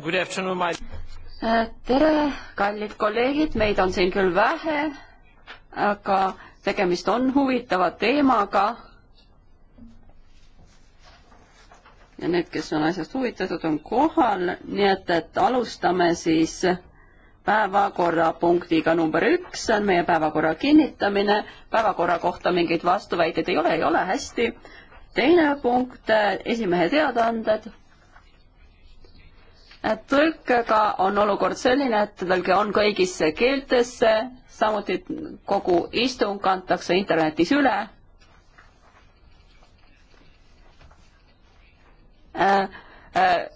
My... Äh, tere, kallid kolleegid, meid on siin küll vähe, aga tegemist on huvitava teemaga. ja need, kes on asjast huvitatud, on kohal, nii et, et alustame siis päevakorrapunktiga number üks, see on meie päevakorra kinnitamine. päeväkorra kohta mingeid vastuväiteid ei ole, ei ole hästi. teine punkt, äh, esimehe teadaanded tõlkega on olukord selline, et tõlge on kõigisse keeltesse, samuti kogu istung antakse internetis üle äh,. Äh,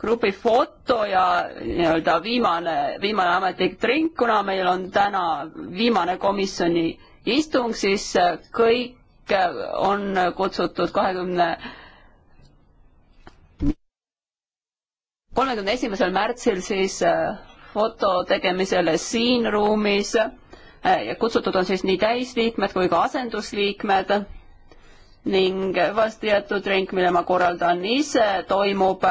grupi foto ja nii-öelda viimane, viimane ametlik drink, kuna meil on täna viimane komisjoni istung, siis kõik on kutsutud kahekümne 20 kolmekümne esimesel märtsil siis äh, foto tegemisele siin ruumis äh, ja kutsutud on siis nii täisliikmed kui ka asendusliikmed ning vastijäetud ring, mille ma korraldan ise, toimub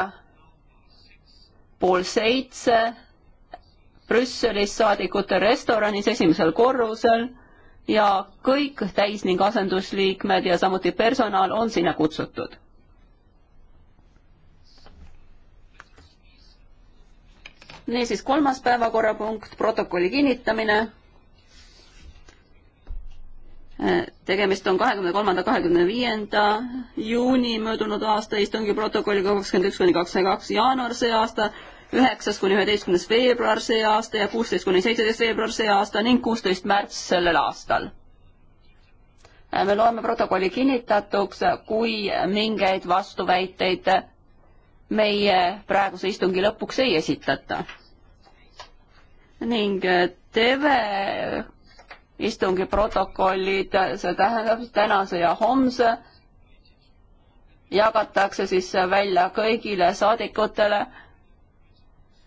pool seitse Brüsselis saadikute restoranis esimesel korrusel ja kõik täis- ning asendusliikmed ja samuti personal on sinna kutsutud. niisiis, kolmas päevakorrapunkt, protokolli kinnitamine. Äh, tegemist on kahekümne kolmanda, kahekümne viienda juuni möödunud aasta istungi protokolliga kakskümmend üks kuni kakskümmend kaks jaanuar see aasta, üheksas kuni üheteistkümnes veebruar see aasta ja kuusteist kuni seitseteist veebruar see aasta ning kuusteist märts sellel aastal äh, me loeme protokolli kinnitatuks, kui mingeid vastuväiteid meie praeguse istungi lõpuks ei esitata. ning äh, TV istungi protokollid, see tähendab tänase ja homse, jagatakse siis välja kõigile saadikutele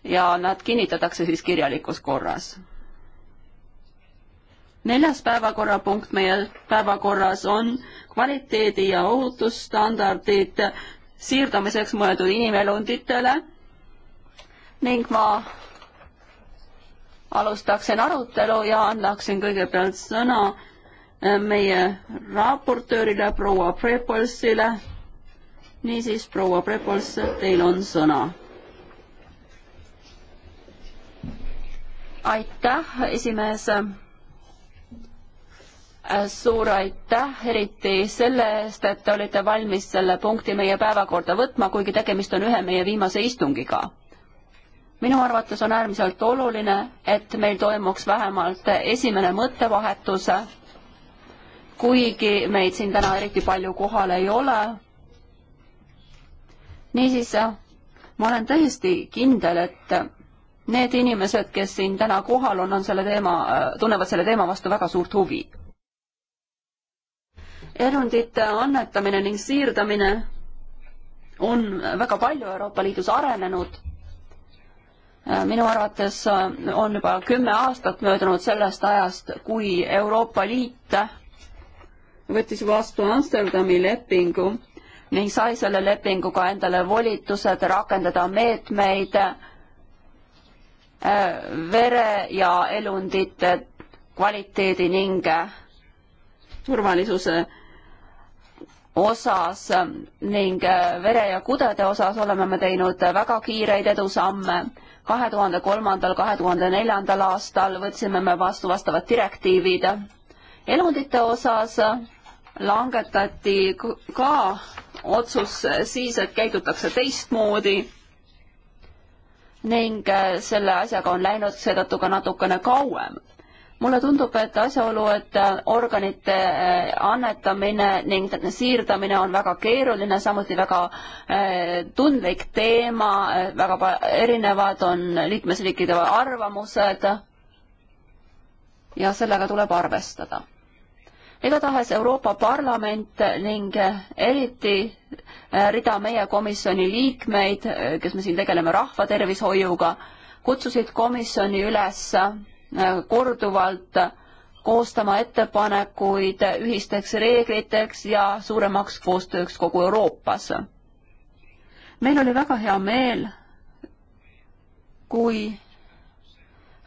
ja nad kinnitatakse siis kirjalikus korras. neljas päevakorrapunkt meie päevakorras on kvaliteedi ja ohutusstandardid siirdamiseks mõeldud inimelunditele ning ma alustaksin arutelu ja annaksin kõigepealt sõna eh, meie raportöörile proua Prepolsile. niisiis, proua Prepols, teil on sõna. aitäh, esimees Äh, suur aitäh, eriti selle eest, et te olite valmis selle punkti meie päevakorda võtma, kuigi tegemist on ühe meie viimase istungiga. minu arvates on äärmiselt oluline, et meil toimuks vähemalt esimene mõttevahetus, kuigi meid siin täna eriti palju kohal ei ole. niisiis, ma olen täiesti kindel, et need inimesed, kes siin täna kohal on, on selle teema, tunnevad selle teema vastu väga suurt huvi erundite annetamine ning siirdamine on väga palju Euroopa Liidus arenenud. minu arvates on juba kümme aastat möödunud sellest ajast, kui Euroopa Liit võttis vastu Amsterdami lepingu ning sai selle lepinguga endale volitused rakendada meetmeid äh, vere ja elundite kvaliteedi ning turvalisuse osas ning äh, vere ja kudede osas oleme me teinud väga kiireid edusamme. kahe tuhande kolmandal, kahe tuhande neljandal aastal võtsime me vastu vastavad direktiivid. elundite osas langetati ka otsus siis, et käidutakse teistmoodi ning äh, selle asjaga on läinud seetõttu ka natukene kauem mulle tundub, et asjaolu, et äh, organite äh, annetamine ning siirdamine on väga keeruline, samuti väga äh, tundlik teema, väga erinevad on liikmesriikide arvamused ja sellega tuleb arvestada igatahes Euroopa Parlament ning eriti rida meie komisjoni liikmeid, kes me siin tegeleme rahvatervishoiuga, kutsusid komisjoni üles korduvalt koostama ettepanekuid ühisteks reegliteks ja suuremaks koostööks kogu Euroopas. meil oli väga hea meel, kui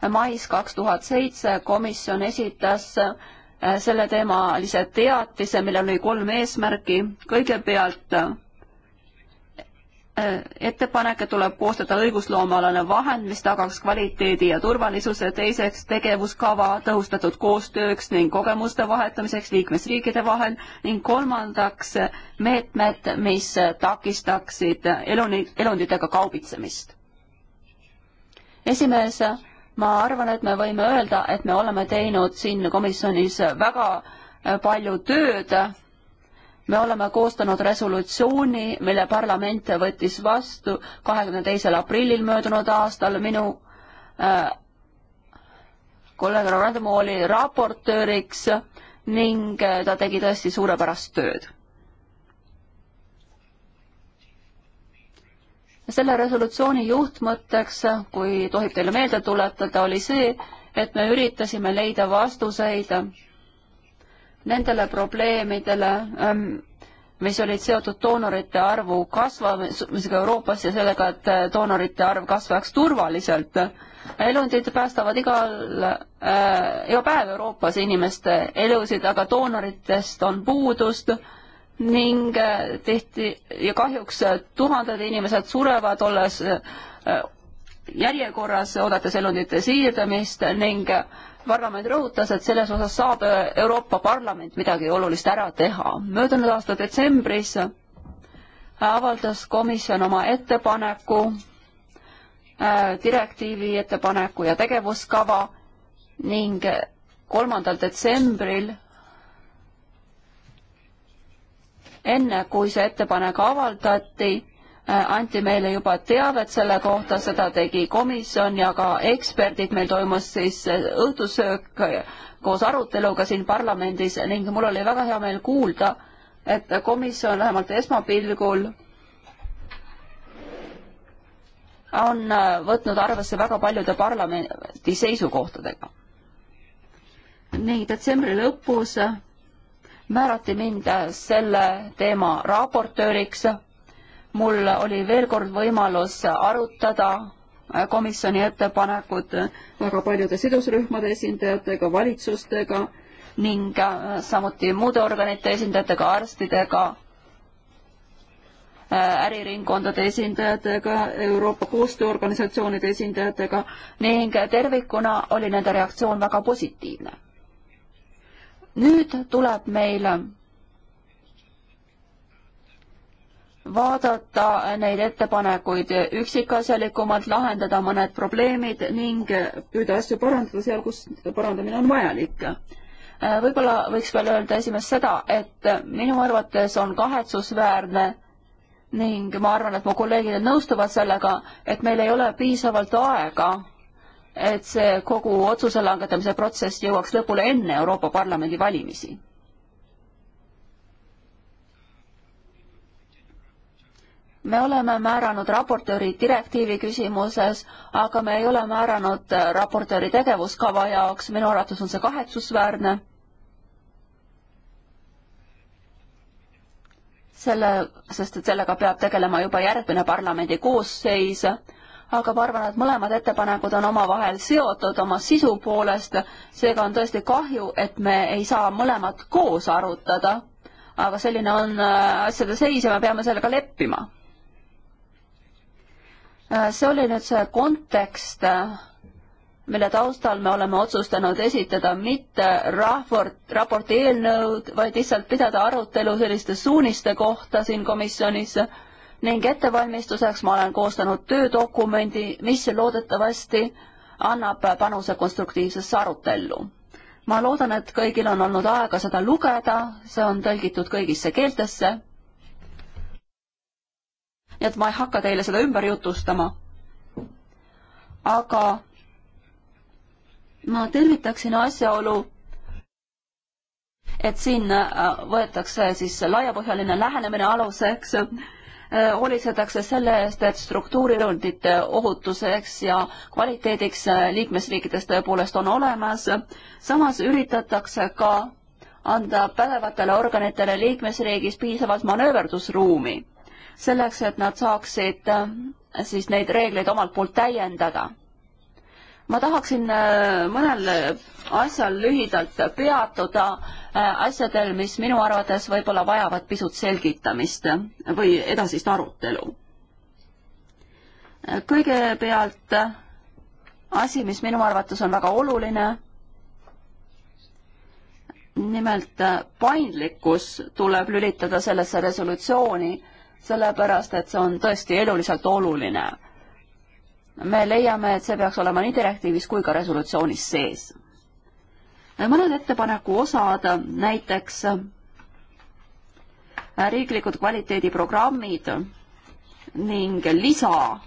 mais kaks tuhat seitse komisjon esitas äh, selleteemalise teatise, millel oli kolm eesmärki. kõigepealt Äh, ettepanek, et tuleb koostada õigusloomealane vahend, mis tagaks kvaliteedi ja turvalisuse, teiseks tegevuskava tõhustatud koostööks ning kogemuste vahetamiseks liikmesriikide vahel ning kolmandaks meetmed, mis takistaksid eluni, elunditega kaubitsemist. esimees, ma arvan, et me võime öelda, et me oleme teinud siin komisjonis väga äh, palju tööd me oleme koostanud resolutsiooni, mille parlament võttis vastu kahekümne teisel aprillil möödunud aastal minu äh, kolleeg Radmo oli raportööriks ning äh, ta tegi tõesti suurepärast tööd. selle resolutsiooni juhtmõtteks, kui tohib teile meelde tuletada, oli see, et me üritasime leida vastuseid nendele probleemidele, ähm, mis olid seotud doonorite arvu kasvamisega Euroopas ja sellega, et äh, doonorite arv kasvaks turvaliselt. elundid päästavad igal äh,, iga päev Euroopas inimeste elusid, aga doonoritest on puudust ning äh, tihti ja kahjuks äh, tuhanded inimesed surevad, olles äh, järjekorras, oodates elundite siirdamist ning äh, parlament rõhutas, et selles osas saab Euroopa Parlament midagi olulist ära teha. möödunud aasta detsembris avaldas komisjon oma ettepaneku, äh, direktiivi ettepaneku ja tegevuskava ning kolmandal detsembril enne, kui see ettepanek avaldati, Äh, anti meile juba teavet selle kohta, seda tegi komisjon ja ka eksperdid, meil toimus siis äh, õhtusöök äh, koos aruteluga siin parlamendis ning mul oli väga hea meel kuulda, et komisjon vähemalt esmapilgul on võtnud arvesse väga paljude parlamendi seisukohtadega. nii, detsembri lõpus määrati mind selle teema raportööriks mul oli veel kord võimalus arutada äh, komisjoni ettepanekud äh, väga paljude sidusrühmade esindajatega, valitsustega ning äh, samuti muude organite esindajatega, arstidega, äriringkondade esindajatega, Euroopa koostööorganisatsioonide esindajatega ning tervikuna oli nende reaktsioon väga positiivne. nüüd tuleb meil vaadata neid ettepanekuid üksikasjalikumalt, lahendada mõned probleemid ning püüda asju parandada seal, kus parandamine on vajalik. võib-olla võiks veel öelda esimest seda, et minu arvates on kahetsusväärne ning ma arvan, et mu kolleegid nõustuvad sellega, et meil ei ole piisavalt aega, et see kogu otsuse langetamise protsess jõuaks lõpule enne Euroopa Parlamendi valimisi me oleme määranud raportööri direktiivi küsimuses, aga me ei ole määranud äh, raportööri tegevuskava jaoks, minu arvates on see kahetsusväärne. selle, sest et sellega peab tegelema juba järgmine parlamendi koosseis, aga ma arvan, et mõlemad ettepanekud on omavahel seotud oma sisu poolest, seega on tõesti kahju, et me ei saa mõlemat koos arutada. aga selline on äh, asjade seis ja me peame sellega leppima Äh, see oli nüüd see kontekst, äh, mille taustal me oleme otsustanud esitada mitte rahvort, raporti eelnõud, vaid lihtsalt pidada arutelu selliste suuniste kohta siin komisjonis ning ettevalmistuseks ma olen koostanud töödokumendi, mis loodetavasti annab panuse konstruktiivsesse arutellu. ma loodan, et kõigil on olnud aega seda lugeda, see on tõlgitud kõigisse keeltesse nii et ma ei hakka teile seda ümber jutustama. aga ma tervitaksin asjaolu, et siin äh, võetakse siis laiapõhjaline lähenemine aluseks, äh, hoolitsetakse selle eest, et struktuurinõudite ohutuseks ja kvaliteediks äh, liikmesriikides tõepoolest on olemas, samas üritatakse ka anda pädevatele organitele liikmesriigis piisavalt manööverdusruumi selleks, et nad saaksid äh, siis neid reegleid omalt poolt täiendada. ma tahaksin äh, mõnel asjal lühidalt peatuda, äh, asjadel, mis minu arvates võib-olla vajavad pisut selgitamist või edasist arutelu. kõigepealt asi, mis minu arvates on väga oluline nimelt paindlikkus tuleb lülitada sellesse resolutsiooni sellepärast et see on tõesti eluliselt oluline. me leiame, et see peaks olema nii direktiivis kui ka resolutsioonis sees. mõned ettepaneku osad, näiteks äh, riiklikud kvaliteediprogrammid ning lisa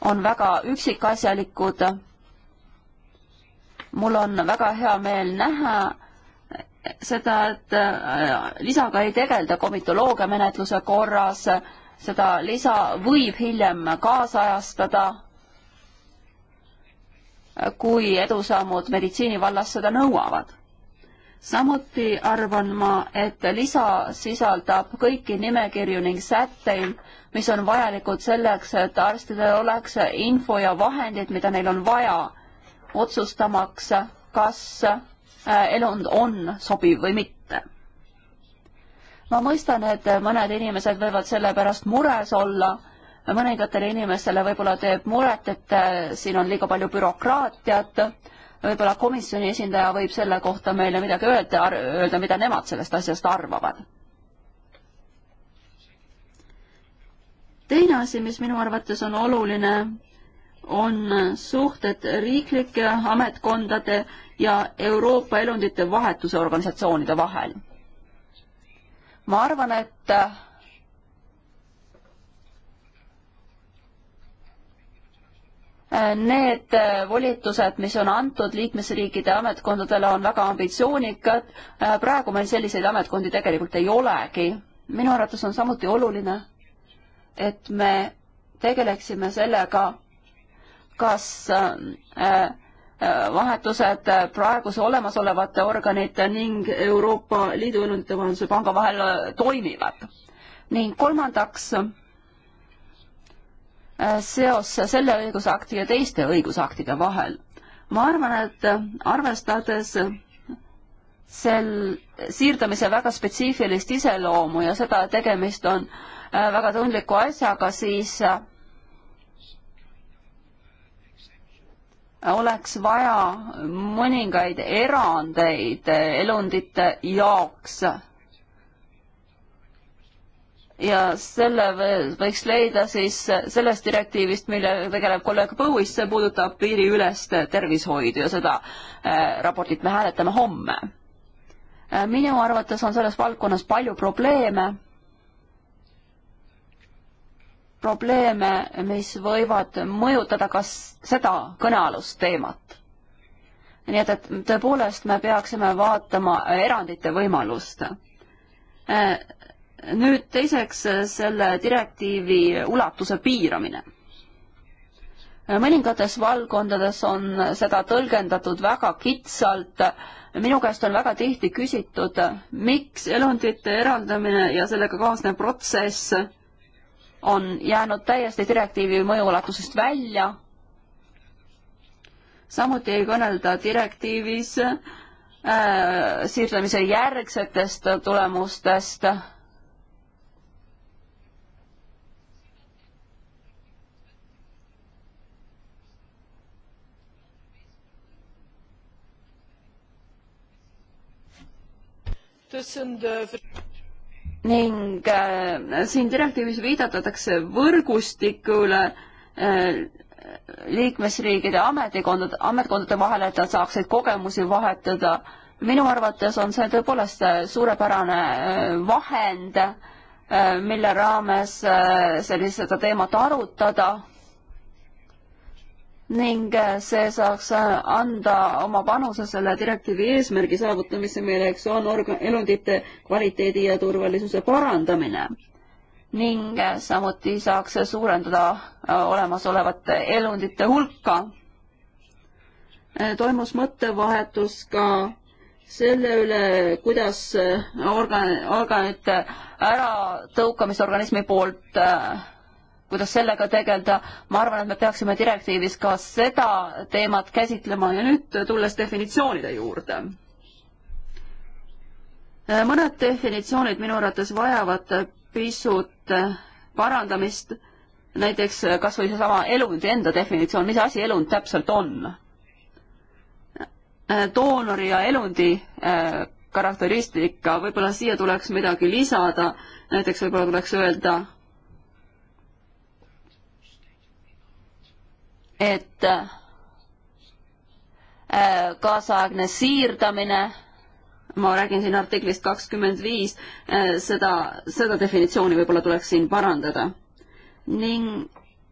on väga üksikasjalikud. mul on väga hea meel näha, seda, et äh, lisaga ei tegelda komitoloogia menetluse korras, seda lisa võib hiljem kaasajastada, kui edusammud meditsiinivallas seda nõuavad. samuti arvan ma, et lisa sisaldab kõiki nimekirju ning sätteid, mis on vajalikud selleks, et arstidel oleks info ja vahendid, mida neil on vaja otsustamaks, kas Äh, elund on sobiv või mitte. ma mõistan, et mõned inimesed võivad selle pärast mures olla, mõningatele inimestele võib-olla teeb muret, et äh, siin on liiga palju bürokraatiat, võib-olla komisjoni esindaja võib selle kohta meile midagi öelda, öelda, mida nemad sellest asjast arvavad teine asi, mis minu arvates on oluline, on suhted riiklike ametkondade ja Euroopa elundite vahetuse organisatsioonide vahel. ma arvan, et äh, Need äh, volitused, mis on antud liikmesriikide ametkondadele, on väga ambitsioonikad. Äh, praegu meil selliseid ametkondi tegelikult ei olegi. minu arvates on samuti oluline, et me tegeleksime sellega, kas äh, vahetused praeguse olemasolevate organite ning Euroopa Liidu Ühenduse Vahenduse Panga vahel toimivad. ning kolmandaks, äh, seos selle õigusakti ja teiste õigusaktide vahel. ma arvan, et arvestades sel siirdamise väga spetsiifilist iseloomu ja seda, et tegemist on äh, väga tundliku asjaga, siis äh, oleks vaja mõningaid erandeid elundite jaoks. ja selle võiks leida siis sellest direktiivist, millega tegeleb kolleeg Põuis, see puudutab piiriülest tervishoidu ja seda äh, raportit me hääletame homme. Äh, minu arvates on selles valdkonnas palju probleeme probleeme, mis võivad mõjutada ka seda kõnealust teemat. nii et, et tõepoolest me peaksime vaatama äh, erandite võimalust. Äh, nüüd teiseks äh, selle direktiivi ulatuse piiramine mõningates valdkondades on seda tõlgendatud väga kitsalt. minu käest on väga tihti küsitud, miks elundite eraldamine ja sellega kaasnev protsess on jäänud täiesti direktiivi mõjuulatusest välja. samuti ei kõnelda direktiivis äh, siirdamise järgsetest tulemustest tussen de ning äh, siin direktiivis viidatakse võrgustikule äh, liikmesriigide ametikondade, ametkondade vahel, et nad saaksid kogemusi vahetada. minu arvates on see tõepoolest äh, suurepärane vahend, mille raames sellist seda teemat arutada ning äh, see saaks äh, anda oma panuse selle direktiivi eesmärgi saavutamisse, milleks on elundite kvaliteedi ja turvalisuse parandamine. ning äh, samuti saaks suurendada olemasolevate elundite hulka. toimus mõttevahetus ka selle üle, kuidas organ, organite äratõukamist organismi poolt äh, kuidas sellega tegeleda, ma arvan, et me peaksime direktiivis ka seda teemat käsitlema ja nüüd tulles definitsioonide juurde. mõned definitsioonid minu arvates vajavad pisut parandamist, näiteks kas või seesama elundi enda definitsioon, mis asi elund täpselt on? doonori ja elundi äh, karakteristika, võib-olla siia tuleks midagi lisada, näiteks võib-olla tuleks öelda et äh, kaasaegne siirdamine, ma räägin siin artiklist kakskümmend viis, äh, seda, seda definitsiooni võib-olla tuleks siin parandada. ning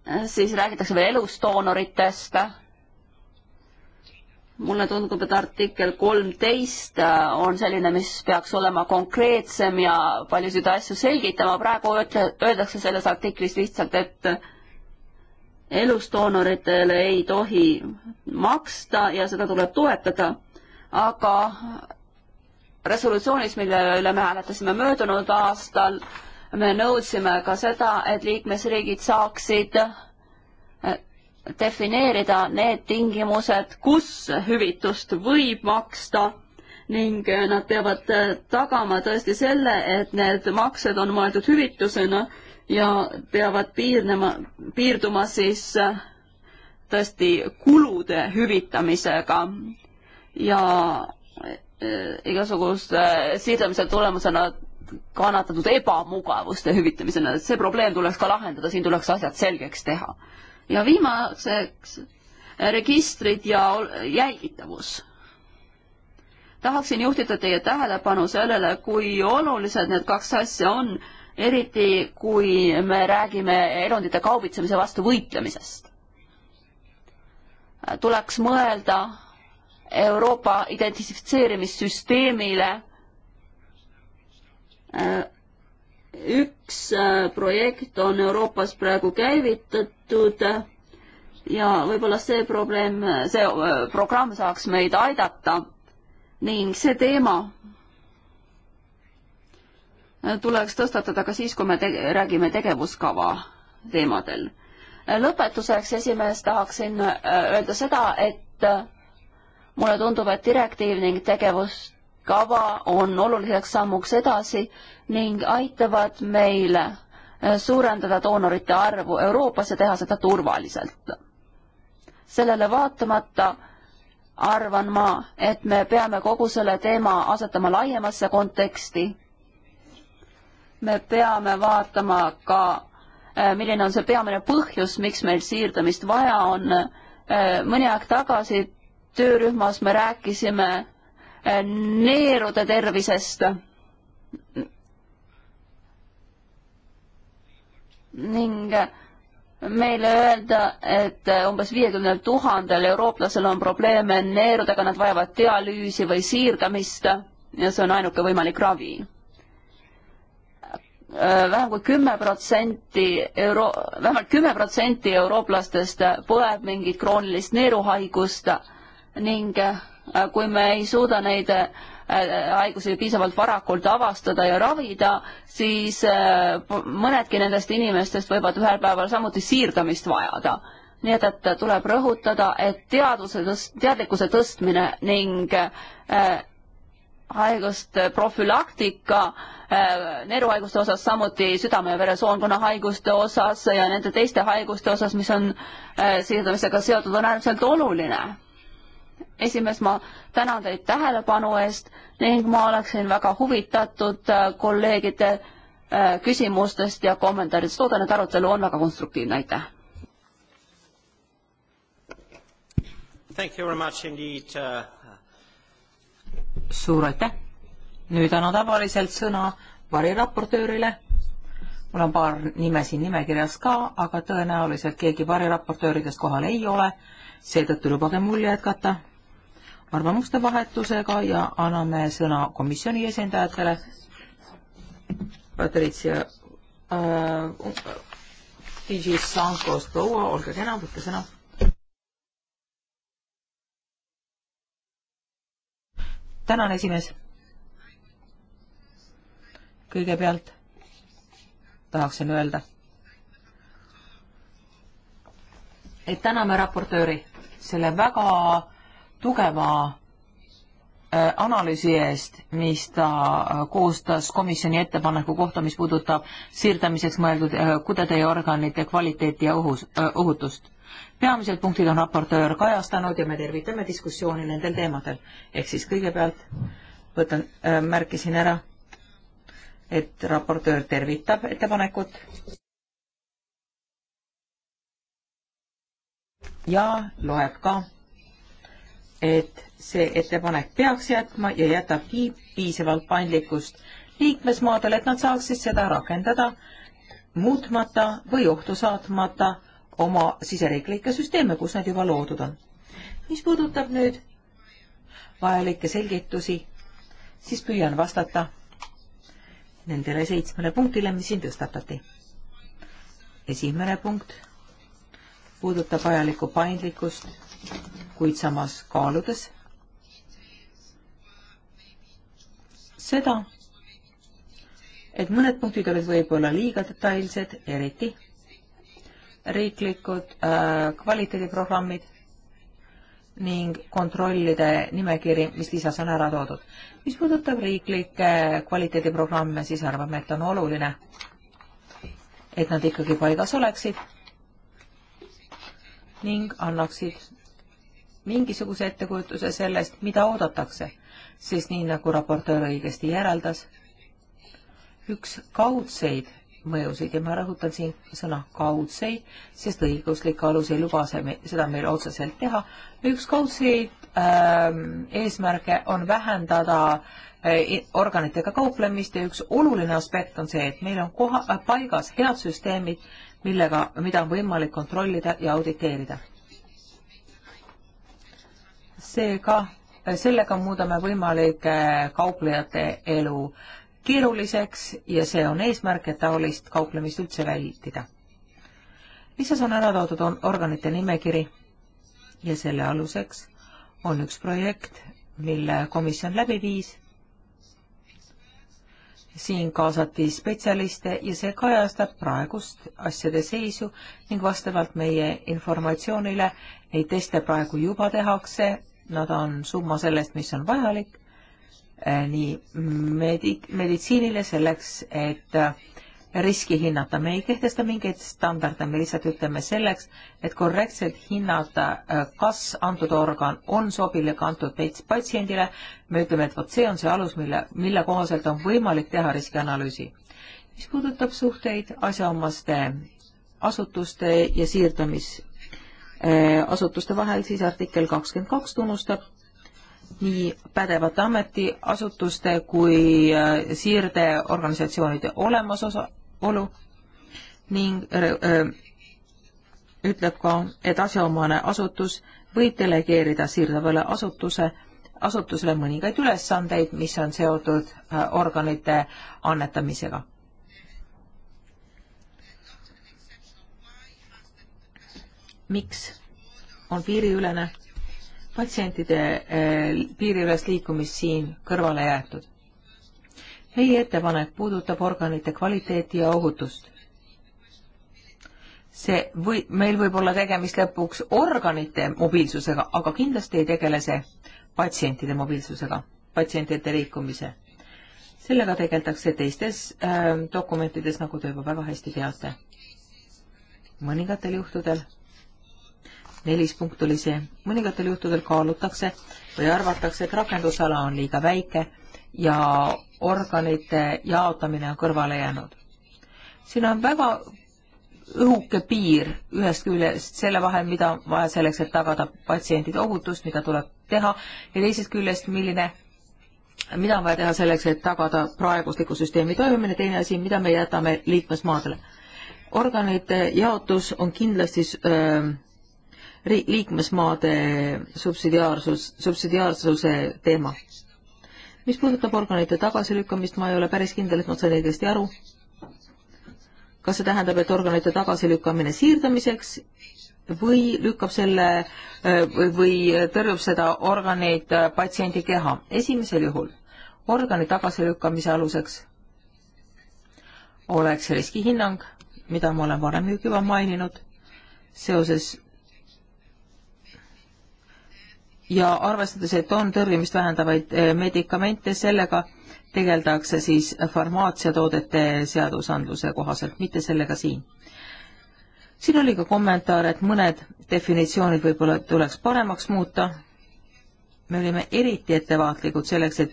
äh, siis räägitakse veel elusdoonoritest. mulle tundub, et artikkel kolmteist on selline, mis peaks olema konkreetsem ja paljusid asju selgitama, praegu ütle, öeldakse selles artiklis lihtsalt, et elusdoonoritele ei tohi maksta ja seda tuleb toetada, aga resolutsioonis, mille üle me hääletasime möödunud aastal, me nõudsime ka seda, et liikmesriigid saaksid eh, defineerida need tingimused, kus hüvitust võib maksta ning nad peavad eh, tagama tõesti selle, et need maksed on mõeldud hüvitusena ja peavad piirnema, piirduma siis äh, tõesti kulude hüvitamisega ja äh, igasuguste äh, siirdamise tulemusena kannatatud ebamugavuste hüvitamisena, et see probleem tuleks ka lahendada, siin tuleks asjad selgeks teha. ja viimaseks registrid ja jälgitavus. tahaksin juhtida teie tähelepanu sellele, kui olulised need kaks asja on eriti kui me räägime elundite kaubitsemise vastu võitlemisest. tuleks mõelda Euroopa identifitseerimissüsteemile. üks äh, projekt on Euroopas praegu käivitatud ja võib-olla see probleem, see äh, programm saaks meid aidata ning see teema tuleks tõstatada ka siis, kui me te räägime tegevuskava teemadel. lõpetuseks, esimees, tahaksin äh, öelda seda, et äh, mulle tundub, et direktiiv ning tegevuskava on oluliseks sammuks edasi ning aitavad meil äh, suurendada doonorite arvu Euroopas ja teha seda turvaliselt. sellele vaatamata arvan ma, et me peame kogu selle teema asetama laiemasse konteksti me peame vaatama ka, äh, milline on see peamine põhjus, miks meil siirdamist vaja on. Äh, mõni aeg tagasi töörühmas me rääkisime äh, neerude tervisest. ning meile öelda, et umbes viiekümnel tuhandel eurooplasel on probleeme neerudega, nad vajavad dialüüsi või siirdamist ja see on ainuke võimalik ravi Äh, vähem kui kümme protsenti euro, vähemalt kümme protsenti eurooplastest põeb mingit kroonilist neeruhaigust ning äh, kui me ei suuda neid äh, haigusi piisavalt varakult avastada ja ravida, siis mõnedki nendest inimestest võivad ühel päeval samuti siirdamist vajada. nii et, et tuleb rõhutada, et teaduse tõst-, teadlikkuse tõstmine ning haiguste äh, profülaktika äh, neeruhaiguste osas, samuti südame- ja veresoonkonna haiguste osas ja nende teiste haiguste osas, mis on äh, siirdamisega seotud, on äärmiselt oluline. esimees, ma tänan teid tähelepanu eest ning ma oleksin väga huvitatud kolleegide küsimustest ja kommentaaridest, loodan, et arutelu on väga konstruktiivne, aitäh! Thank you very much indeed uh, suur aitäh! nüüd annan tavaliselt sõna variraportöörile. mul on paar nime siin nimekirjas ka, aga tõenäoliselt keegi variraportööridest kohal ei ole. seetõttu lubage mul jätkata arvamuste vahetusega ja anname sõna komisjoni esindajatele. Patricia äh, Digi Sankost proua, olge kena, võtke sõna tänan, esimees. kõigepealt tahaksin öelda, et täname raportööri selle väga tugeva äh, analüüsi eest, mis ta äh, koostas komisjoni ettepaneku kohta, mis puudutab siirdamiseks mõeldud äh, kudede ja organite kvaliteeti ja ohus, ohutust peamised punktid on raportöör kajastanud ja me tervitame diskussiooni nendel teemadel. ehk siis kõigepealt võtan äh,, märkisin ära, et raportöör tervitab ettepanekut ja loeb ka, et see ettepanek peaks jätma ja jätab piisavalt paindlikkust liikmesmaadele, et nad saaksid seda rakendada muutmata või ohtu saatmata oma siseriiklikke süsteeme, kus nad juba loodud on. mis puudutab nüüd vajalikke selgitusi, siis püüan vastata nendele seitsmele punktile, mis siin tõstatati. esimene punkt puudutab vajalikku paindlikkust, kuid samas kaaludes seda, et mõned punktid olid võib-olla liiga detailsed, eriti riiklikud äh, kvaliteediprogrammid ning kontrollide nimekiri, mis lisas on ära toodud. mis puudutab riiklikke kvaliteediprogramme, siis arvame, et on oluline, et nad ikkagi paigas oleksid ning annaksid mingisuguse ettekujutuse sellest, mida oodatakse, sest nii nagu raportöör õigesti järeldas, üks kaudseid mõjusid ja ma rõhutan siin sõna kaudseid, sest õiguslik alus ei luba see, seda meil otseselt teha. üks kaudseid ähm, eesmärke on vähendada äh, organitega kauplemist ja üks oluline aspekt on see, et meil on koha äh,, paigas head süsteemid, millega, mida on võimalik kontrollida ja auditeerida. seega äh, sellega muudame võimalik äh, kauplejate elu keeruliseks ja see on eesmärk, et taolist kauplemist üldse vältida. lisas on ära toodud on organite nimekiri ja selle aluseks on üks projekt, mille komisjon läbi viis. siin kaasati spetsialiste ja see kajastab praegust asjade seisu ning vastavalt meie informatsioonile neid teste praegu juba tehakse, nad on summa sellest, mis on vajalik Eh, nii medi-, meditsiinile selleks, et eh, riski hinnata. me ei kehtesta mingeid standarde, me lihtsalt ütleme selleks, et korrektselt hinnata, eh, kas antud organ on sobilik antud patsiendile. me ütleme, et vot see on see alus, mille, mille kohaselt on võimalik teha riskianalüüsi. mis puudutab suhteid asjaomaste asutuste ja siirdumisasutuste vahel, siis artikkel kakskümmend kaks tunnustab nii pädevate ametiasutuste kui äh, siirdeorganisatsioonide olemasolu ning äh, äh, ütleb ka, et asjaomane asutus võib delegeerida siirdavale asutuse, asutusele mõningaid ülesandeid, mis on seotud organite annetamisega. miks on piiriülene patsientide eh, piiriülest liikumist siin kõrvale jäetud. meie ettepanek puudutab organite kvaliteeti ja ohutust. see või, meil võib olla tegemist lõpuks organite mobiilsusega, aga kindlasti ei tegele see patsientide mobiilsusega, patsientide liikumise. sellega tegeldakse teistes äh, dokumentides, nagu te juba väga hästi teate. mõningatel juhtudel nelis punkt oli see. mõningatel juhtudel kaalutakse või arvatakse, et rakendusala on liiga väike ja organite jaotamine on kõrvale jäänud. siin on väga õhuke piir ühest küljest selle vahel, mida on vaja selleks, et tagada patsientide ohutust, mida tuleb teha, ja teisest küljest, milline, mida on vaja teha selleks, et tagada praegustiku süsteemi toimimine, teine asi, mida me jätame liikmesmaadele. organite jaotus on kindlasti öö, liikmesmaade subsidiaarsus, subsidiaarsuse teema. mis puudutab organite tagasilükkamist, ma ei ole päris kindel, et ma sain õigesti aru. kas see tähendab, et organite tagasilükkamine siirdamiseks või lükkab selle äh, või tõrjub seda organeid äh, patsiendi keha? esimesel juhul organi tagasilükkamise aluseks oleks riskihinnang, mida ma olen varemgi juba maininud, seoses ja arvestades, et on tõrjumist vähendavaid eh, medikamente, sellega tegeldakse siis farmaatsiatoodete seadusandluse kohaselt, mitte sellega siin. siin oli ka kommentaar, et mõned definitsioonid võib-olla tuleks paremaks muuta. me olime eriti ettevaatlikud selleks, et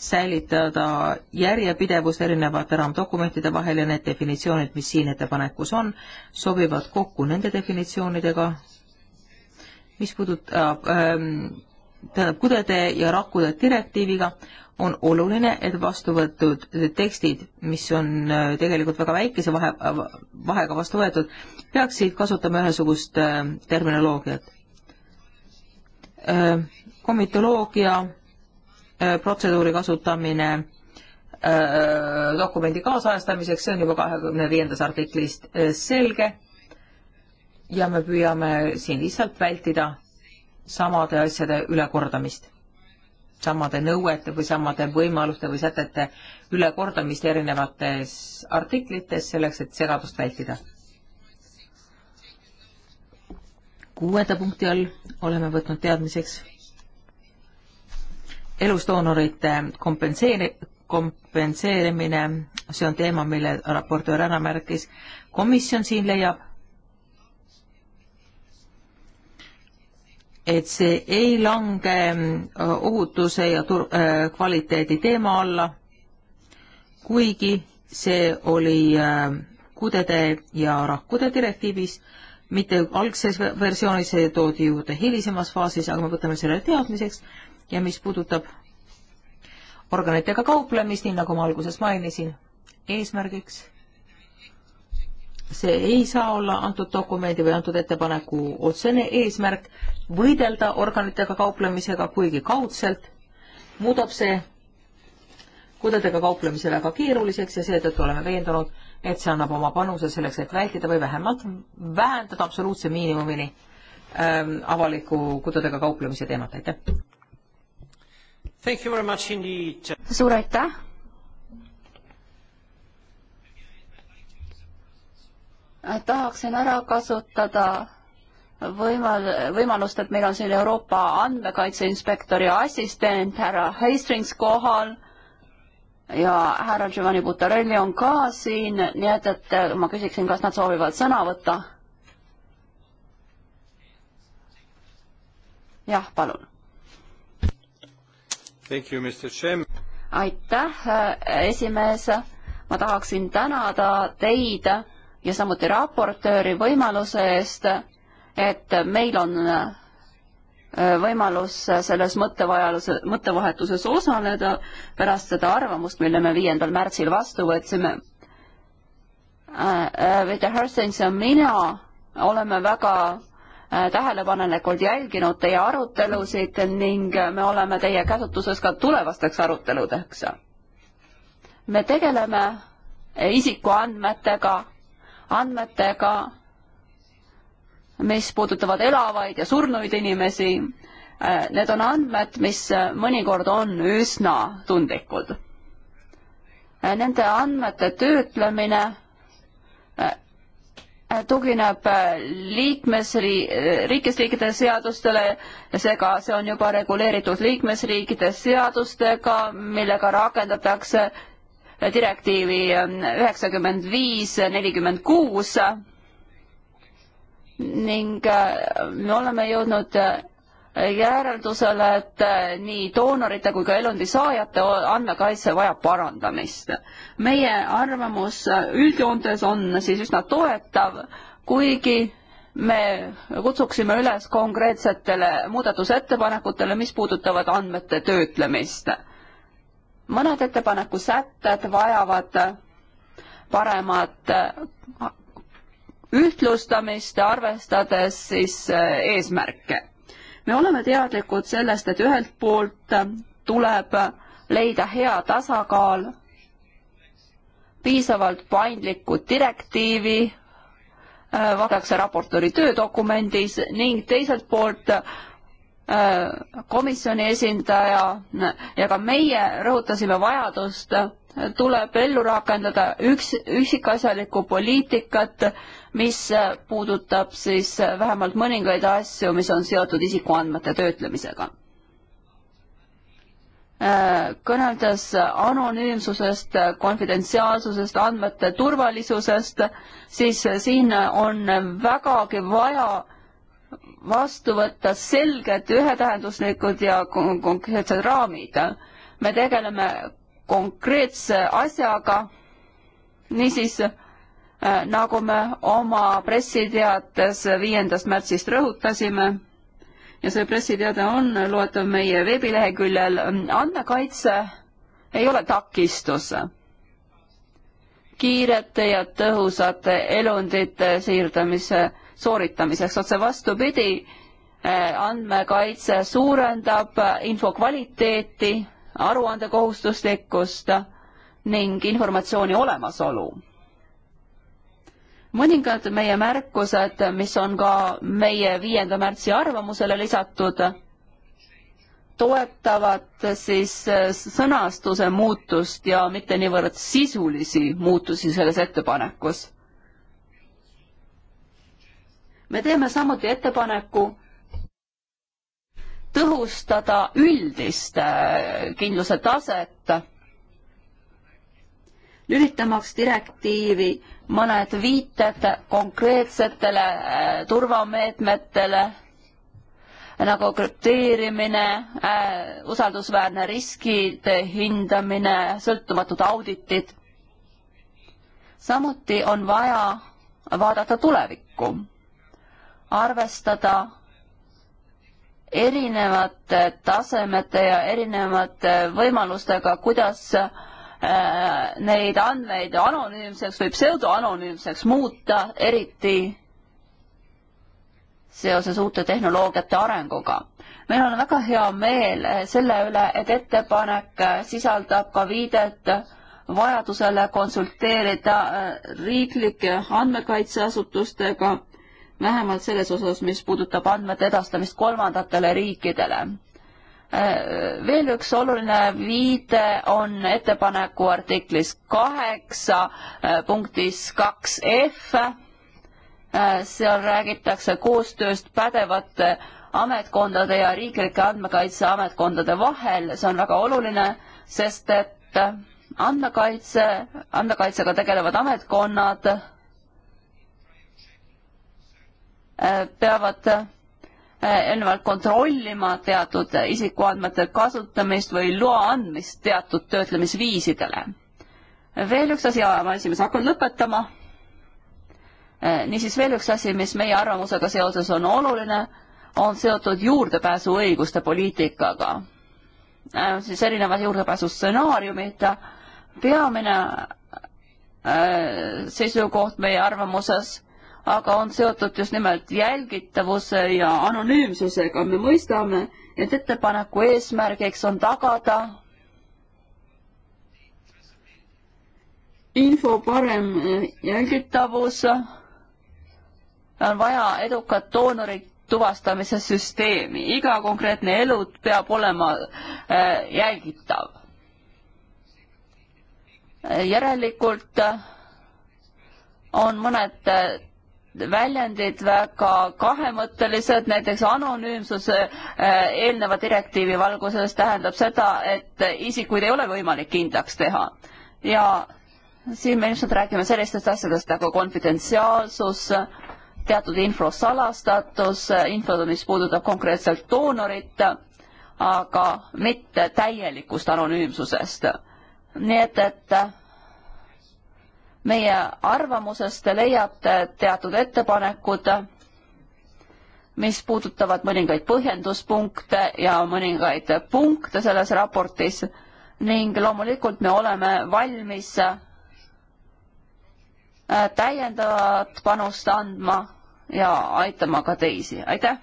säilitada järjepidevust erinevate raamdokumentide vahel ja need definitsioonid, mis siin ettepanekus on, sobivad kokku nende definitsioonidega, mis puudutab ähm, tähendab kudede ja rakkude direktiiviga, on oluline, et vastu võetud tekstid, mis on äh, tegelikult väga väikese vahe, äh, vahega vastu võetud, peaksid kasutama ühesugust ähm, terminoloogiat. Ähm, komitoloogia äh, protseduuri kasutamine dokumendi kaasajastamiseks, see on juba kahekümne viiendas artiklist selge ja me püüame siin lihtsalt vältida samade asjade ülekordamist, samade nõuete või samade võimaluste või sätete ülekordamist erinevates artiklites selleks, et segadust vältida. kuuenda punkti all oleme võtnud teadmiseks elusdoonorite kompenseeri-, kompenseerimine, see on teema, mille raportöör ära märkis. komisjon siin leiab, et see ei lange mm, ohutuse ja äh, kvaliteedi teema alla, kuigi see oli äh, kudede ja rahkude direktiivis, mitte algses versioonis, see toodi juurde hilisemas faasis, aga me võtame selle teadmiseks ja mis puudutab organitega kauplemist, nii nagu ma alguses mainisin, eesmärgiks see ei saa olla antud dokumendi või antud ettepaneku otsene eesmärk võidelda organitega kauplemisega, kuigi kaudselt muudab see kudedega kauplemise väga keeruliseks ja seetõttu oleme veendunud, et see annab oma panuse selleks, et vältida või vähemalt vähendada absoluutse miinimumini ähm, avaliku kudedega kauplemise teemat, aitäh! suur aitäh! tahaksin ära kasutada võimal-, võimalust, et meil on siin Euroopa andmekaitse inspektori assistent härra Hastings kohal ja härra Giovanni Butarelli on ka siin, nii et, et ma küsiksin, kas nad soovivad sõna võtta? jah, palun. aitäh, esimees. ma tahaksin tänada teid ja samuti raportööri võimaluse eest, et meil on äh, võimalus selles mõttevajaluse, mõttevahetuses osaleda pärast seda arvamust, mille me viiendal märtsil vastu võtsime. Peter äh, äh, Herstens ja mina oleme väga tähelepanelikult jälginud teie arutelusid ning me oleme teie käsutuses ka tulevasteks aruteludeks. me tegeleme isikuandmetega andmetega, mis puudutavad elavaid ja surnuid inimesi. Äh, need on andmed, mis äh, mõnikord on üsna tundlikud. Äh, nende andmete töötlemine tugineb liikmesri-, liikmesriikide seadustele, seega see on juba reguleeritud liikmesriikide seadustega, millega rakendatakse direktiivi ähm, üheksakümmend viis, nelikümmend kuus ning äh, me oleme jõudnud äh, järeldusele, et äh, nii doonorite kui ka elundi saajate andmekaitse vajab parandamist. meie arvamus üldjoontes on siis üsna toetav, kuigi me kutsuksime üles konkreetsetele muudatusettepanekutele, mis puudutavad andmete töötlemist mõned ettepaneku sätted vajavad paremat äh, ühtlustamist, arvestades siis äh, eesmärke. me oleme teadlikud sellest, et ühelt poolt tuleb leida hea tasakaal piisavalt paindliku direktiivi, äh, vaadatakse raportööri töödokumendis ning teiselt poolt Äh, komisjoni esindaja ja ka meie rõhutasime vajadust, tuleb ellu rakendada üks, üksikasjalikku poliitikat, mis puudutab siis vähemalt mõningaid asju, mis on seotud isikuandmete töötlemisega. Äh, kõneldes anonüümsusest, konfidentsiaalsusest, andmete turvalisusest, siis siin on vägagi vaja vastu võtta selged, ühetähenduslikud ja konkreetsed raamid. me tegeleme konkreetse asjaga, niisiis äh, nagu me oma pressiteates viiendast märtsist rõhutasime ja see pressiteade on loetav meie veebileheküljel, andmekaitse ei ole takistus. kiirete ja tõhusate elundite siirdamise sooritamiseks, otse vastupidi, eh, andmekaitse suurendab info kvaliteeti, aruandekohustuslikkust ning informatsiooni olemasolu. mõningad meie märkused, mis on ka meie viienda märtsi arvamusele lisatud, toetavad siis eh, sõnastuse muutust ja mitte niivõrd sisulisi muutusi selles ettepanekus me teeme samuti ettepaneku tõhustada üldist äh, kindluse taset, lülitamaks direktiivi mõned viited konkreetsetele äh, turvameetmetele, nagu krüpteerimine, äh, usaldusväärne riskide hindamine, sõltumatud auditid. samuti on vaja vaadata tulevikku arvestada erinevate tasemete ja erinevate võimalustega, kuidas äh, neid andmeid anonüümseks või pseudoanonüümseks muuta, eriti seoses uute tehnoloogiate arenguga. meil on väga hea meel selle üle, et ettepanek sisaldab ka viidet vajadusele konsulteerida äh, riiklike andmekaitseasutustega vähemalt selles osas, mis puudutab andmete edastamist kolmandatele riikidele. Äh, veel üks oluline viide on ettepaneku artiklis kaheksa äh, punktis kaks F. Äh, seal räägitakse koostööst pädevate ametkondade ja riiklike andmekaitseametkondade vahel, see on väga oluline, sest et andmekaitse, andmekaitsega tegelevad ametkonnad Äh, peavad äh, eelnevalt kontrollima teatud isikuandmete kasutamist või loa andmist teatud töötlemisviisidele. veel üks asi, ma esimese hakkan lõpetama. Äh, niisiis veel üks asi, mis meie arvamusega seoses on oluline, on seotud juurdepääsuõiguste poliitikaga. siis erinevad juurdepääsustsenaariumid, peamine seisukoht meie arvamuses aga on seotud just nimelt jälgitavuse ja anonüümsusega. me mõistame, et ettepaneku eesmärgiks on tagada info parem eh, jälgitavus. on vaja edukat doonorit tuvastamise süsteemi. iga konkreetne elu peab olema eh, jälgitav. Eh, järelikult on mõned väljendid väga kahemõttelised, näiteks anonüümsus äh, eelneva direktiivi valguses tähendab seda, et isikuid ei ole võimalik kindlaks teha ja siin me ilmselt räägime sellistest asjadest nagu konfidentsiaalsus, teatud info salastatus, info, mis puudutab konkreetselt doonorit, aga mitte täielikust anonüümsusest. nii et, et meie arvamusest te leiate teatud ettepanekud, mis puudutavad mõningaid põhjenduspunkte ja mõningaid punkte selles raportis ning loomulikult me oleme valmis äh, täiendavat panust andma ja aitama ka teisi, aitäh!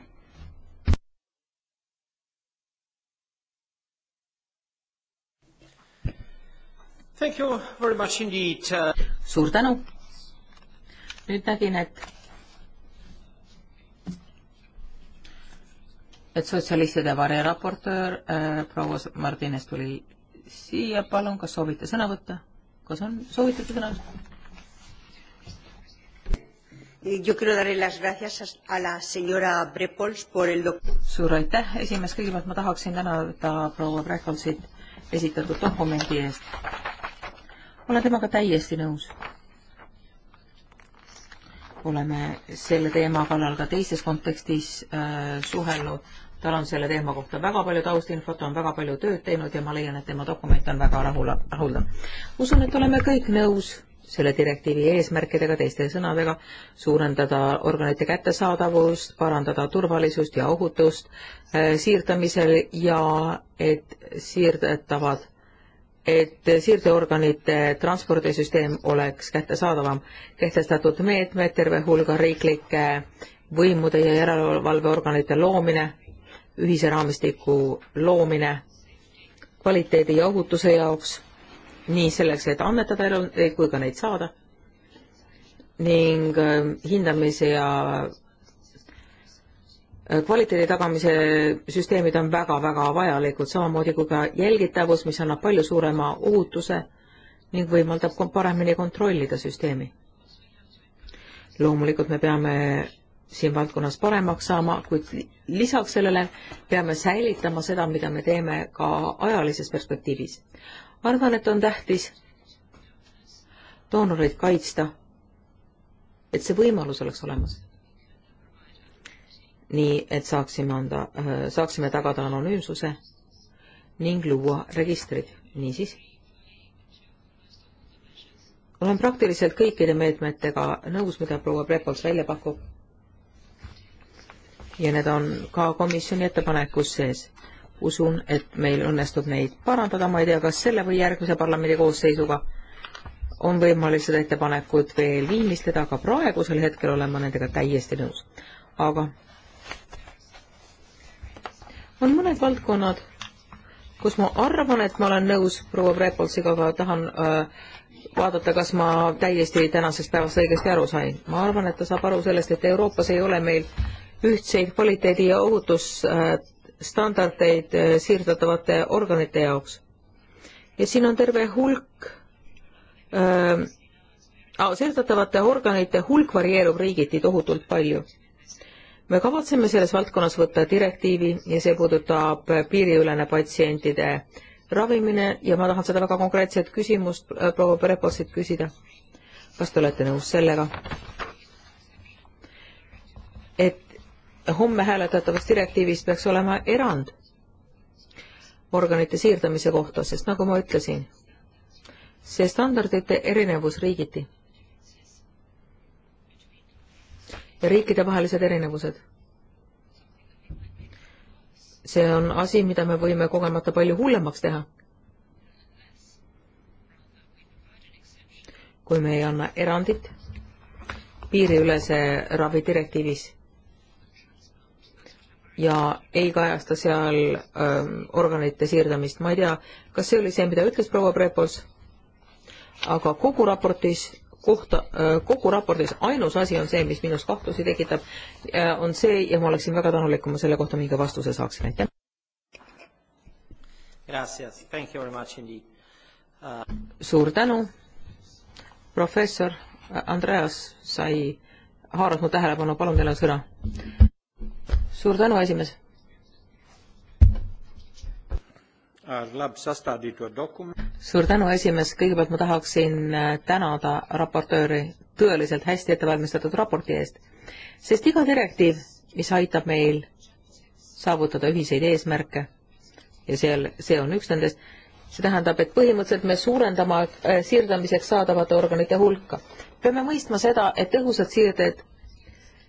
Thank you very much indeed. Uh, suur tänu. nüüd nägin, et et sotsialistide variraportöör äh, proua Martines tuli siia, palun, kas soovite sõna võtta? kas on, soovitate sõna võtta? Yo quiero darle las gracias a la señora Brepols por el Suur aitäh, esimees, kõigepealt ma tahaksin tänada proua Brepolsit esitatud dokumendi eest olen temaga täiesti nõus. oleme selle teema kallal ka teises kontekstis äh, suhelnud, tal on selle teema kohta väga palju taustinfot, on väga palju tööd teinud ja ma leian, et tema dokument on väga rahula, rahuldav. usun, et oleme kõik nõus selle direktiivi eesmärkidega, teiste sõnadega, suurendada organite kättesaadavust, parandada turvalisust ja ohutust äh, siirdamisel ja et siirdetavad et siirdeorganite transpordisüsteem oleks kättesaadavam. kehtestatud meetmed, terve hulga riiklike võimude ja järelevalveorganite loomine, ühise raamistiku loomine kvaliteedi ja ohutuse jaoks, nii selleks, et annetada elundeid kui ka neid saada, ning äh, hindamise ja kvaliteedi tagamise süsteemid on väga-väga vajalikud, samamoodi kui ka jälgitavus, mis annab palju suurema ohutuse ning võimaldab paremini kontrollida süsteemi. loomulikult me peame siin valdkonnas paremaks saama, kuid lisaks sellele peame säilitama seda, mida me teeme ka ajalises perspektiivis. arvan, et on tähtis doonoreid kaitsta, et see võimalus oleks olemas nii et saaksime anda, äh, saaksime tagada anonüümsuse ning luua registrid. niisiis, olen praktiliselt kõikide meetmetega nõus, mida proua Prepols välja pakub. ja need on ka komisjoni ettepanekus sees. usun, et meil õnnestub neid parandada, ma ei tea, kas selle või järgmise parlamendi koosseisuga on võimalik seda ettepanekut veel viimistleda, aga praegusel hetkel olen ma nendega täiesti nõus. aga on mõned valdkonnad, kus ma arvan, et ma olen nõus proua Brepolsiga, aga tahan äh, vaadata, kas ma täiesti tänaseks päevast õigesti aru sain. ma arvan, et ta saab aru sellest, et Euroopas ei ole meil ühtseid kvaliteedi- ja ohutusstandardeid äh, äh, siirdatavate organite jaoks. ja siin on terve hulk äh, ah, siirdatavate organite hulk varieerub riigiti tohutult palju me kavatseme selles valdkonnas võtta direktiivi ja see puudutab piiriülene patsientide ravimine ja ma tahan seda väga konkreetset küsimust äh, proua Perepostilt küsida. kas te olete nõus sellega, et homme hääletatavas direktiivis peaks olema erand organite siirdamise kohta, sest nagu ma ütlesin, see standardite erinevus riigiti ja riikidevahelised erinevused. see on asi, mida me võime kogemata palju hullemaks teha. kui me ei anna erandit piiriülese ravi direktiivis ja ei kajasta seal öö, ähm, organite siirdamist. ma ei tea, kas see oli see, mida ütles proua Prepols, aga kogu raportis kohta, äh, kogu raportis ainus asi on see, mis minus kahtlusi tekitab, äh, on see ja ma oleksin väga tänulik, kui ma selle kohta mingi vastuse saaksin, aitäh. Uh, suur tänu. professor äh, Andreas sai, haaras mu tähelepanu, palun, teil on sõna. suur tänu, esimees suur tänu, esimees, kõigepealt ma tahaksin äh, tänada raportööri tõeliselt hästi ettevalmistatud raporti eest, sest iga direktiiv, mis aitab meil saavutada ühiseid eesmärke ja seal, see on üks nendest, see tähendab, et põhimõtteliselt me suurendame äh, siirdamiseks saadavate organite hulka. peame mõistma seda, et tõhusad siirded,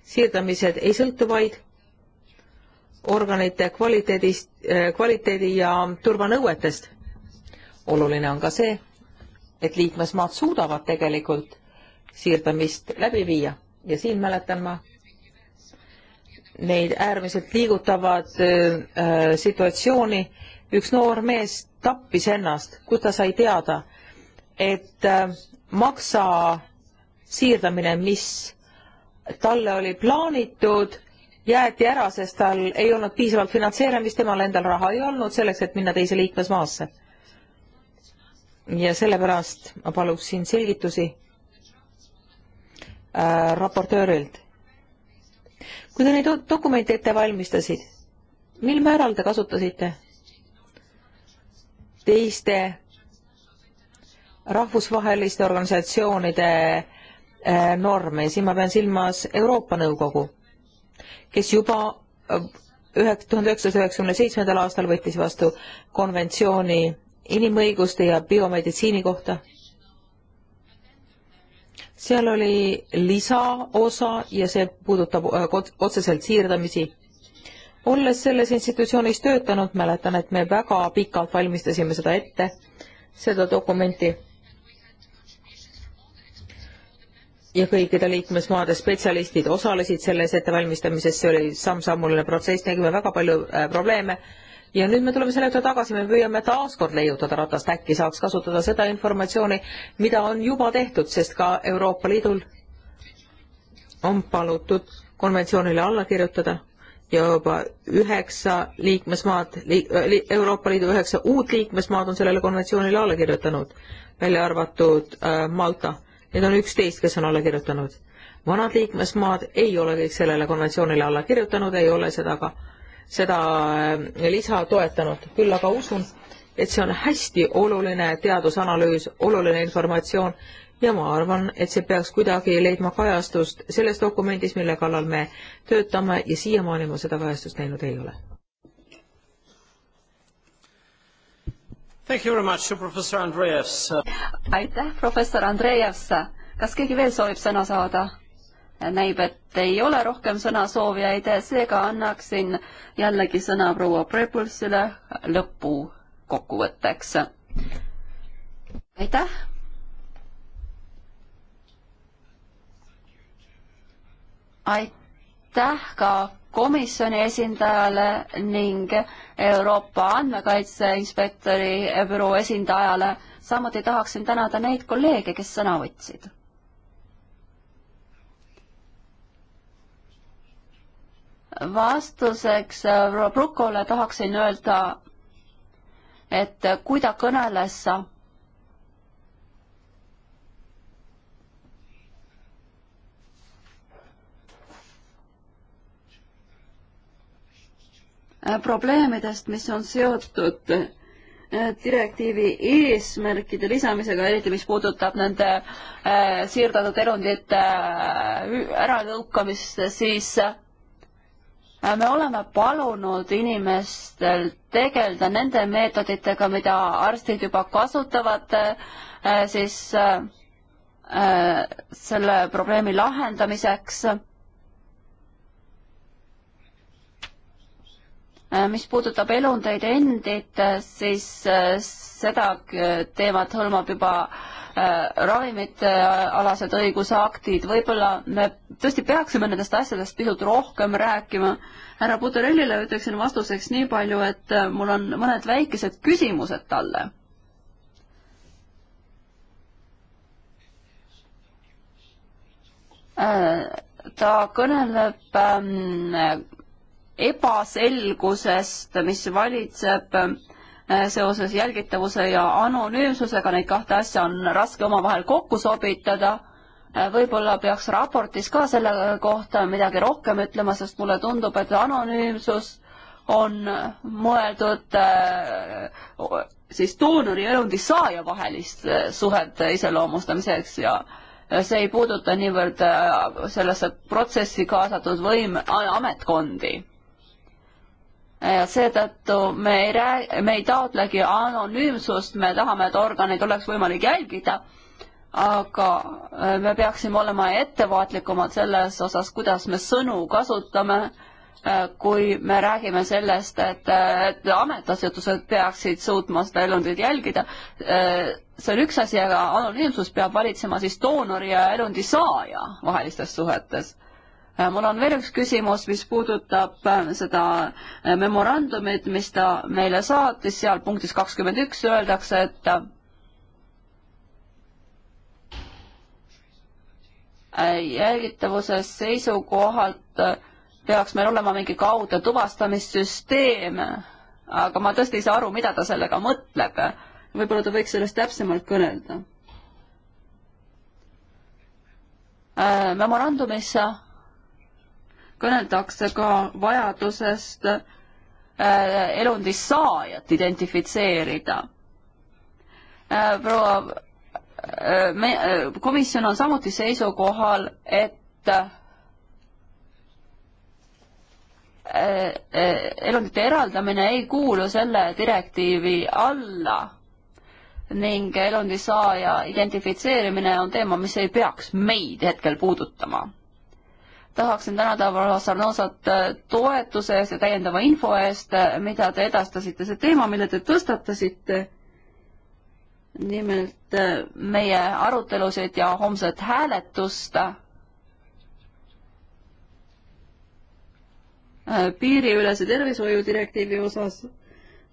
siirdamised ei sõltu vaid organite kvaliteedist, eh, kvaliteedi ja turvanõuetest. oluline on ka see, et liikmesmaad suudavad tegelikult siirdamist läbi viia ja siin mäletan ma neid äärmiselt liigutavat äh, eh, eh, situatsiooni. üks noor mees tappis ennast, kui ta sai teada, et äh, maksa siirdamine, mis talle oli plaanitud, jäeti ära, sest tal ei olnud piisavalt finantseerimist, temal endal raha ei olnud selleks, et minna teise liikmesmaasse. ja sellepärast ma paluksin selgitusi äh, raportöörilt. kui te neid dokumente ette valmistasid, mil määral te kasutasite teiste rahvusvaheliste organisatsioonide äh, norme, siin ma pean silmas Euroopa Nõukogu kes juba tuhande äh, üheksasaja üheksakümne seitsmendal aastal võttis vastu konventsiooni inimõiguste ja biomeditsiini kohta. seal oli lisaosa ja see puudutab äh, otseselt siirdamisi. olles selles institutsioonis töötanud, mäletan, et me väga pikalt valmistasime seda ette, seda dokumenti ja kõikide liikmesmaade spetsialistid osalesid selles ettevalmistamises, see oli samm-sammuline protsess, nägime väga palju äh, probleeme ja nüüd me tuleme selle juurde tagasi, me püüame taaskord leiutada ratast, äkki saaks kasutada seda informatsiooni, mida on juba tehtud, sest ka Euroopa Liidul on palutud konventsioonile alla kirjutada ja juba üheksa liikmesmaad li,, äh, li, Euroopa Liidu üheksa uut liikmesmaad on sellele konventsioonile alla kirjutanud, välja arvatud äh, Malta Neid on üksteist, kes on alla kirjutanud. vanad liikmesmaad ei ole kõik sellele konventsioonile alla kirjutanud, ei ole seda ka, seda äh, lisa toetanud, küll aga usun, et see on hästi oluline teadusanalüüs, oluline informatsioon ja ma arvan, et see peaks kuidagi leidma kajastust selles dokumendis, mille kallal me töötame ja siiamaani ma seda kajastust näinud ei ole aitäh, professor Andreevs. kas keegi veel soovib sõna saada? näib, et ei ole rohkem sõnasoovijaid, seega annaksin jällegi sõna proua Prebulsile lõpu kokkuvõtteks. aitäh. aitäh ka komisjoni esindajale ning Euroopa Andmekaitse Inspektori büroo esindajale. samuti tahaksin tänada neid kolleege, kes sõna võtsid. vastuseks Brukole äh, tahaksin öelda, et kui ta kõneles Äh, probleemidest, mis on seotud äh, direktiivi eesmärkide lisamisega, eriti mis puudutab nende äh, siirdatud elundite äh, äranõukamist, siis äh, me oleme palunud inimestel tegeleda nende meetoditega, mida arstid juba kasutavad, äh, siis selle probleemi lahendamiseks Äh, mis puudutab elundeid endid, äh, siis äh, seda teemat hõlmab juba ravimite alased õigusaktid, võib-olla me tõesti peaksime nendest asjadest pisut rohkem rääkima. härra Puderellile ütleksin vastuseks nii palju, et mul on mõned väikesed küsimused talle. ta kõneleb ähm, ebaselgusest, mis valitseb äh, seoses jälgitavuse ja anonüümsusega, neid kahte asja on raske omavahel kokku sobitada. Äh, võib-olla peaks raportis ka selle kohta midagi rohkem ütlema, sest mulle tundub, et anonüümsus on mõeldud äh, siis doonori ja elundi saaja vahelist suhete iseloomustamiseks ja see ei puuduta niivõrd sellesse protsessi kaasatud võim, ametkondi ja seetõttu me ei rää-, me ei taotlegi anonüümsust, me tahame, et organeid oleks võimalik jälgida, aga äh, me peaksime olema ettevaatlikumad selles osas, kuidas me sõnu kasutame, äh, kui me räägime sellest, et, äh, et ametiasutused peaksid suutma seda elundit jälgida, see on üks asi, aga anonüümsus peab valitsema siis doonori ja elundi saaja vahelistes suhetes Äh, mul on veel üks küsimus, mis puudutab äh, seda äh, memorandumit, mis ta meile saatis, seal punktis kakskümmend üks öeldakse, et jälgitavuse seisukohalt peaks meil olema mingi kaudne tuvastamissüsteem, aga ma tõesti ei saa aru, mida ta sellega mõtleb. võib-olla ta võiks sellest täpsemalt kõnelda. memorandumisse kõneldakse ka vajadusest äh, elundi saajat identifitseerida. Äh, proua, äh, me, komisjon on samuti seisukohal, et elundite eraldamine ei kuulu selle direktiivi alla ning elundi saaja identifitseerimine on teema, mis ei peaks meid hetkel puudutama tahaksin tänada Varro Sarnosat äh, toetuse eest ja täiendava info eest, äh, mida te edastasite, see teema, mille te tõstatasite, nimelt äh, meie arutelusid ja homset hääletust piiriülese tervishoiu direktiivi osas.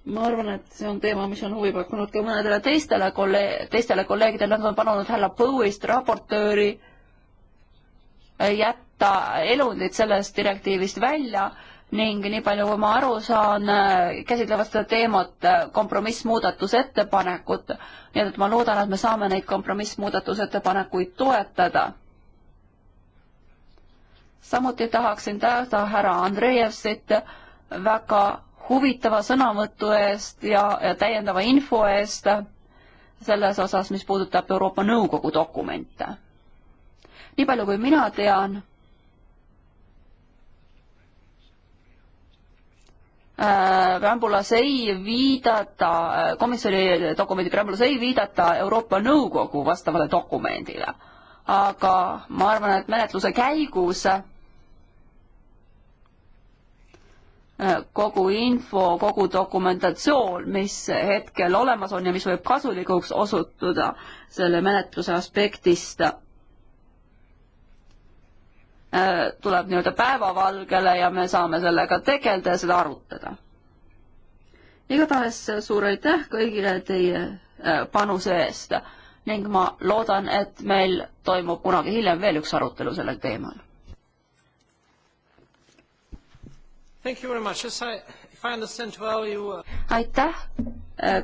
ma arvan, et see on teema, mis on huvi pakkunud ka mõnedele teistele kolleeg-, teistele kolleegidele, nad on palunud härra Põuist, raportööri, jätta võtta elundid sellest direktiivist välja ning nii palju, kui ma aru saan, käsitlevad seda teemat kompromissmuudatusettepanekud, nii et ma loodan, et me saame neid kompromissmuudatusettepanekuid toetada. samuti tahaksin tänada härra Andreevsit väga huvitava sõnavõtu eest ja, ja täiendava info eest selles osas, mis puudutab Euroopa Nõukogu dokumente. nii palju, kui mina tean Äh, preambulas ei viidata, äh, komisjoni dokumendi preambulas ei viidata Euroopa Nõukogu vastavale dokumendile. aga ma arvan, et menetluse käigus äh, kogu info, kogu dokumentatsioon, mis hetkel olemas on ja mis võib kasulikuks osutuda selle menetluse aspektist tuleb nii-öelda päevavalgele ja me saame sellega tegeleda ja seda arutada. igatahes suur aitäh kõigile teie äh, panuse eest ning ma loodan, et meil toimub kunagi hiljem veel üks arutelu sellel teemal. Uh, aitäh, äh,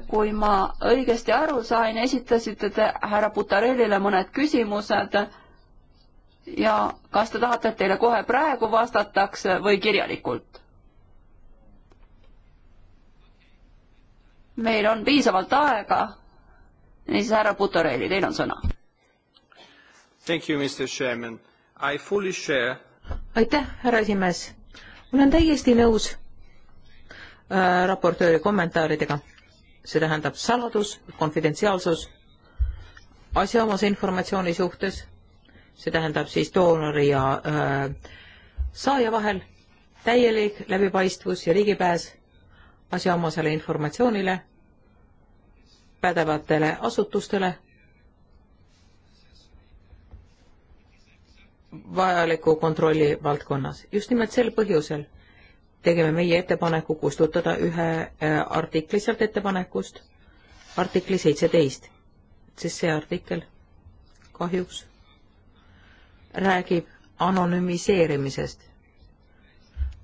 kui ma õigesti aru sain, esitasite te härra Butarellile mõned küsimused ja kas te tahate, et teile kohe praegu vastatakse või kirjalikult? meil on piisavalt aega. niisiis, härra Butorelli, teil on sõna. aitäh, härra esimees. olen täiesti nõus äh, raportööri kommentaaridega. see tähendab saladus, konfidentsiaalsus asjaomase informatsiooni suhtes see tähendab siis doonori ja äh, saaja vahel, täielik läbipaistvus ja ligipääs asjaomasele informatsioonile, pädevatele asutustele, vajaliku kontrolli valdkonnas. just nimelt sel põhjusel tegime meie ettepaneku kustutada ühe äh, artikli sealt ettepanekust, artikli seitseteist, sest see artikkel kahjuks räägib anonüümiseerimisest.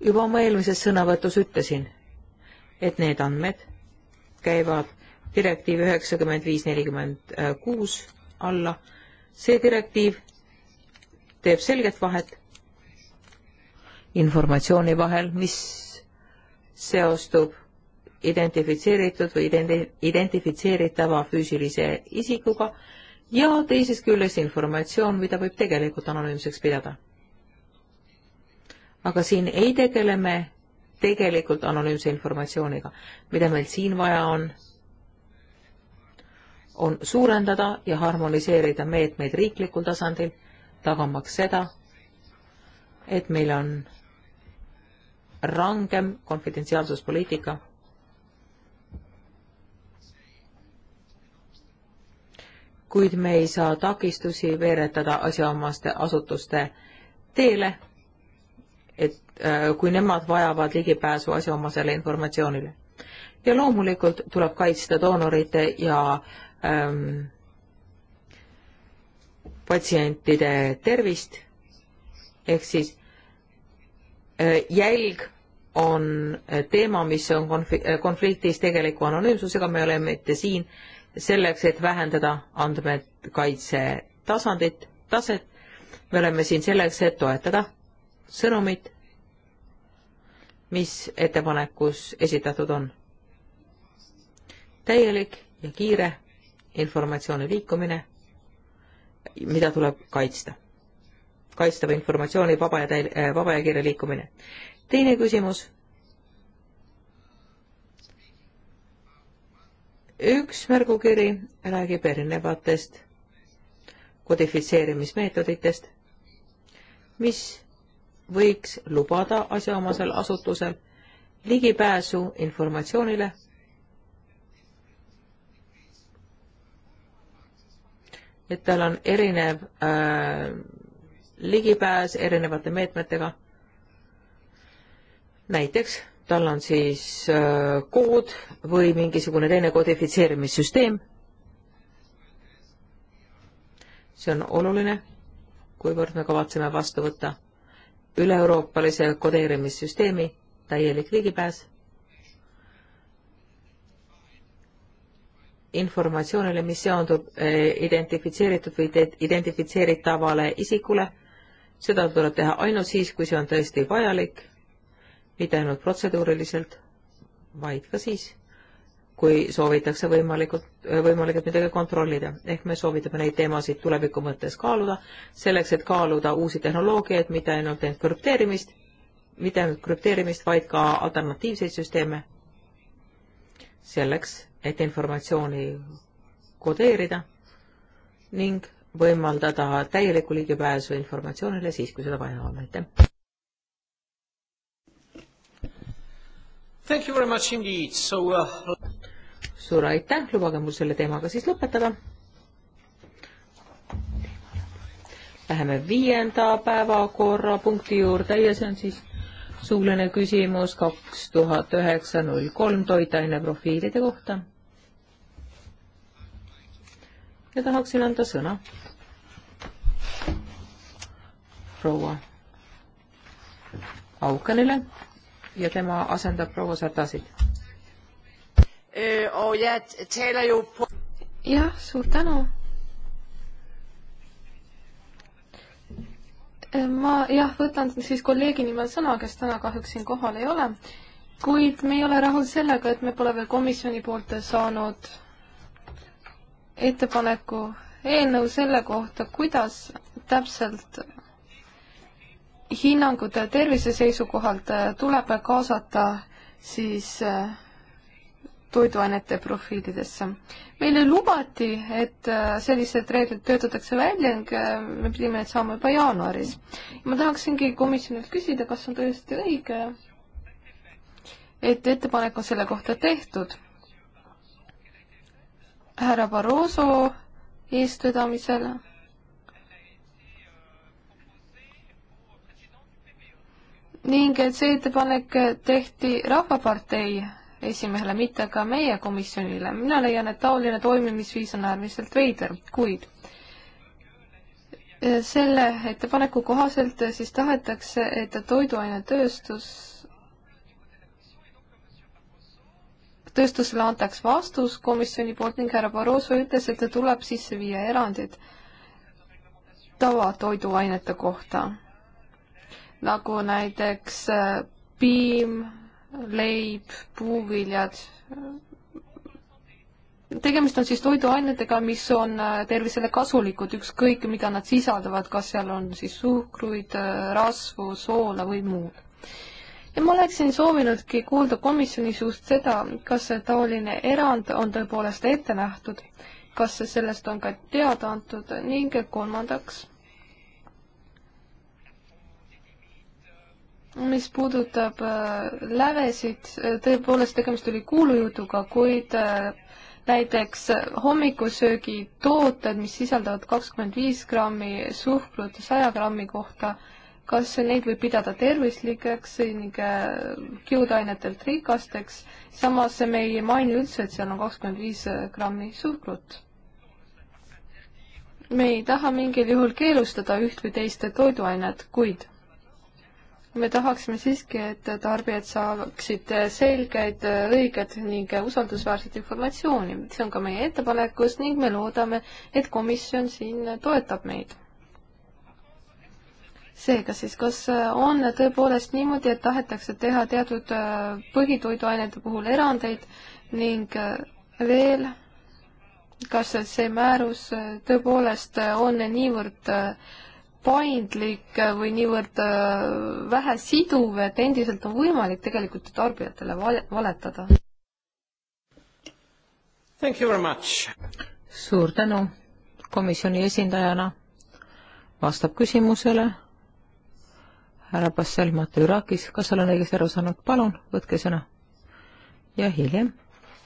juba oma eelmises sõnavõtus ütlesin, et need andmed käivad direktiiv üheksakümmend viis nelikümmend kuus alla. see direktiiv teeb selget vahet informatsiooni vahel, mis seostub identifitseeritud või identi-, identifitseeritava füüsilise isikuga ja teisest küljest informatsioon, mida võib tegelikult anonüümseks pidada. aga siin ei tegele me tegelikult anonüümse informatsiooniga. mida meil siin vaja on, on suurendada ja harmoniseerida meetmeid riiklikul tasandil, tagamaks seda, et meil on rangem konfidentsiaalsuspoliitika kuid me ei saa takistusi veeretada asjaomaste asutuste teele, et äh, kui nemad vajavad ligipääsu asjaomasele informatsioonile. ja loomulikult tuleb kaitsta doonorite ja ähm, patsientide tervist, ehk siis äh, jälg on teema, mis on konf-, äh, konfliktis tegeliku anonüümsusega, me oleme mitte siin äh, selleks, et vähendada andmekaitse tasandit, taset. me oleme siin selleks, et toetada sõnumit, mis ettepanekus esitatud on. täielik ja kiire informatsiooni liikumine, mida tuleb kaitsta. kaitstava informatsiooni vaba ja täi-, vaba ja kiire liikumine. teine küsimus üks märgukiri räägib erinevatest kodifitseerimismeetoditest, mis võiks lubada asjaomasel asutusel ligipääsu informatsioonile, et tal on erinev äh, ligipääs erinevate meetmetega. näiteks tal on siis äh, kood või mingisugune teine kodifitseerimissüsteem. see on oluline, kuivõrd me kavatseme vastu võtta üle-euroopalise kodeerimissüsteemi, täielik ligipääs informatsioonile, mis seondub äh, identifitseeritud või identifitseeritavale isikule, seda tuleb teha ainult siis, kui see on tõesti vajalik mitte ainult protseduuriliselt, vaid ka siis, kui soovitakse võimalikult, äh, võimalikult midagi kontrollida. ehk me soovitame neid teemasid tuleviku mõttes kaaluda, selleks et kaaluda uusi tehnoloogiaid, mitte ainult end krüpteerimist, mitte ainult krüpteerimist, vaid ka alternatiivseid süsteeme, selleks, et informatsiooni kodeerida ning võimaldada täielikku ligipääsu informatsioonile siis, kui seda vaja on, aitäh! Thank you very much indeed. So, uh... suur aitäh, lubage mul selle teemaga siis lõpetada. Läheme viienda päevakorrapunkti juurde ja see on siis suuline küsimus kaks tuhat üheksa null kolm toitaine profiilide kohta. ja tahaksin anda sõna proua Aukanile ja tema asendab proua Sardasit. Eh, jah, suur tänu. Eh, ma jah, võtan siis kolleegi nimel sõna, kes täna kahjuks siin kohal ei ole, kuid me ei ole rahul sellega, et me pole veel komisjoni poolt saanud ettepaneku eelnõu selle kohta, kuidas täpselt hinnangud tervise seisukohalt äh, tuleb kaasata siis äh, toiduainete profiilidesse. meile lubati, et äh, sellised reeglid töötatakse välja ning me pidime need saama juba jaanuaris. ma tahaksingi komisjonilt küsida, kas on tõesti õige, et ettepanek on selle kohta tehtud. härra Barroso eestvedamisel ning et see ettepanek tehti Rahvapartei esimehele, mitte ka meie komisjonile. mina leian, et taoline toimimisviis on äärmiselt veider, kuid selle ettepaneku kohaselt siis tahetakse, et toiduainetööstus, tööstusele antaks vastus komisjoni poolt ning härra Barroso ütles, et tuleb sisse viia erandid tavatoiduainete kohta nagu näiteks äh, piim, leib, puuviljad. tegemist on siis toiduainetega, mis on äh, tervisele kasulikud, ükskõik mida nad sisaldavad, kas seal on siis suhkruid, äh, rasvu, soola või muud. ja ma oleksin soovinudki kuulda komisjonis just seda, kas see taoline erand on tõepoolest ette nähtud, kas sellest on ka teada antud ning kolmandaks mis puudutab äh, lävesid, äh, tõepoolest tegemist oli kuulujutuga, kuid äh, näiteks hommikusöögi tooted, mis sisaldavad kakskümmend viis grammi suhkrut saja grammi kohta, kas neid võib pidada tervislikeks ning kiudainetelt rikasteks, samas me ei maini üldse, et seal on kakskümmend viis grammi suhkrut. me ei taha mingil juhul keelustada üht või teist toiduainet, kuid me tahaksime siiski, et tarbijad saaksid selgeid, õiget ning usaldusväärset informatsiooni. see on ka meie ettepanekus ning me loodame, et komisjon siin toetab meid. seega siis, kas on tõepoolest niimoodi, et tahetakse teha teatud põhitoiduainete puhul erandeid ning veel, kas see määrus tõepoolest on niivõrd äh, paindlik või niivõrd äh, vähe siduv, et endiselt on võimalik tegelikult ju tarbijatele valetada. Thank you very much. suur tänu komisjoni esindajana. vastab küsimusele härra Bassel Matürakis, kas olen õigesti aru saanud, palun võtke sõna. ja hiljem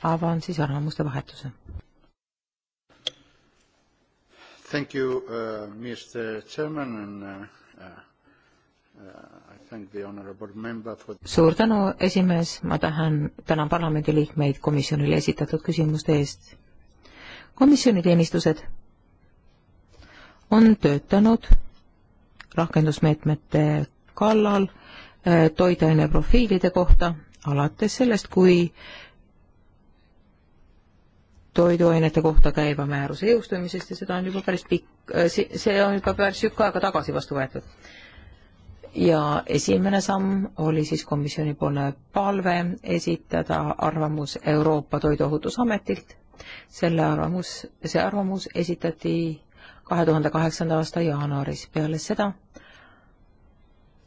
avan siis arvamuste vahetuse. Thank you, uh, Mr Chairman and uh, uh, I thank the honourable member for suur tänu, esimees, ma tahan, tänan parlamendiliikmeid komisjonile esitatud küsimuste eest. komisjoni teenistused on töötanud rakendusmeetmete kallal äh, toiduaine profiilide kohta alates sellest, kui toiduainete kohta käiva määruse jõustumisest ja seda on juba päris pikk, äh, see on juba päris tükk aega tagasi vastu võetud. ja esimene samm oli siis komisjonipoolne palve esitada arvamus Euroopa Toiduohutusametilt. selle arvamus, see arvamus esitati kahe tuhande kaheksanda aasta jaanuaris, peale seda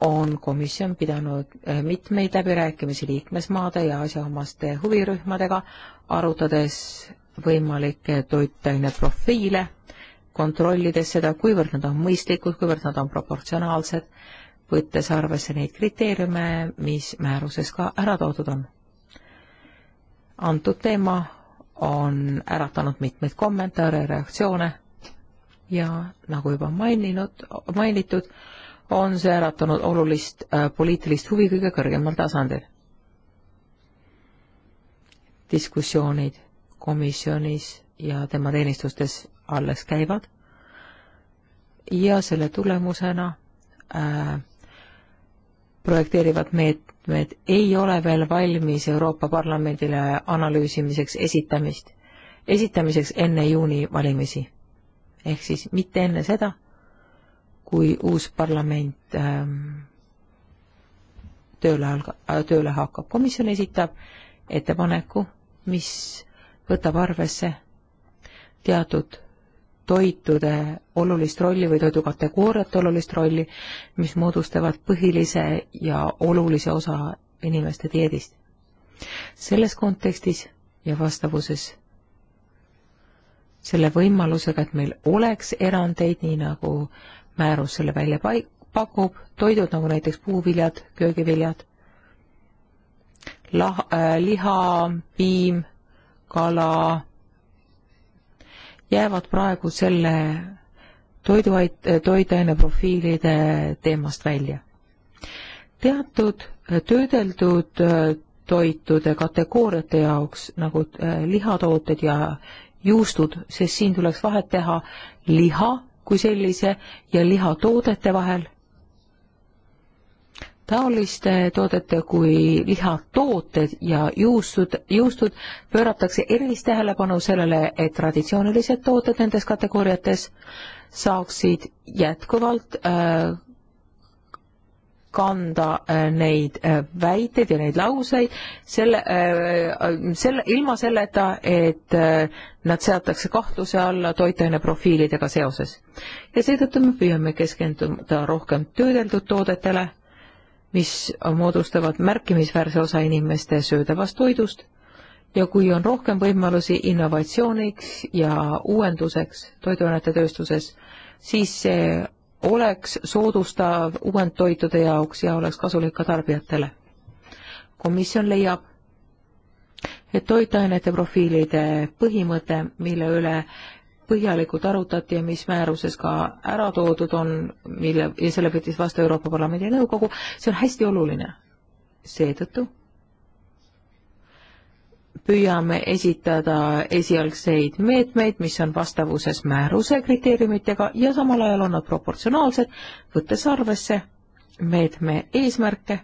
on komisjon pidanud äh, mitmeid läbirääkimisi liikmesmaade ja asjaomaste huvirühmadega, arutades võimalikke toitaineprofiile, kontrollides seda, kuivõrd nad on mõistlikud, kuivõrd nad on proportsionaalsed, võttes arvesse neid kriteeriume, mis määruses ka ära toodud on. antud teema on äratanud mitmeid kommentaare ja reaktsioone ja nagu juba maininud, mainitud, on see äratanud olulist äh, poliitilist huvi kõige kõrgemal tasandil. diskussioonid komisjonis ja tema teenistustes alles käivad ja selle tulemusena äh, projekteerivad meetmed ei ole veel valmis Euroopa Parlamendile analüüsimiseks esitamist, esitamiseks enne juuni valimisi. ehk siis mitte enne seda, kui uus parlament ähm, tööle alga- äh,, tööle hakkab. komisjon esitab ettepaneku, mis võtab arvesse teatud toitude olulist rolli või toidukategooriate olulist rolli, mis moodustavad põhilise ja olulise osa inimeste dieedist. selles kontekstis ja vastavuses selle võimalusega, et meil oleks erandeid, nii nagu määrus selle välja paik-, pakub, toidud nagu näiteks puuviljad, köögiviljad, lah- äh,, liha, piim kala jäävad praegu selle toiduait-, toitaineprofiilide teemast välja. teatud äh, töödeldud äh, toitude kategooriate jaoks, nagu äh, lihatooted ja juustud, sest siin tuleks vahet teha liha kui sellise ja lihatoodete vahel taoliste toodete kui lihatooted ja juustud, juustud pööratakse erilist tähelepanu sellele, et traditsioonilised tooted nendes kategooriates saaksid jätkuvalt äh, kanda äh, neid äh, väiteid ja neid lauseid selle äh,, selle, ilma selleta, et äh, nad seatakse kahtluse alla toitaine profiilidega seoses. ja seetõttu me püüame keskenduda rohkem töödeldud toodetele mis moodustavad märkimisväärse osa inimeste söödavast toidust ja kui on rohkem võimalusi innovatsiooniks ja uuenduseks toiduainetetööstuses, siis see oleks soodustav uuendtoitude jaoks ja oleks kasulik ka tarbijatele. komisjon leiab, et toitainete profiilide põhimõte, mille üle põhjalikult arutati ja mis määruses ka ära toodud on, mille, ja selle võttis vastu Euroopa Parlamendi ja Nõukogu, see on hästi oluline. seetõttu püüame esitada esialgseid meetmeid, mis on vastavuses määruse kriteeriumitega ja samal ajal on nad proportsionaalsed, võttes arvesse meetme eesmärke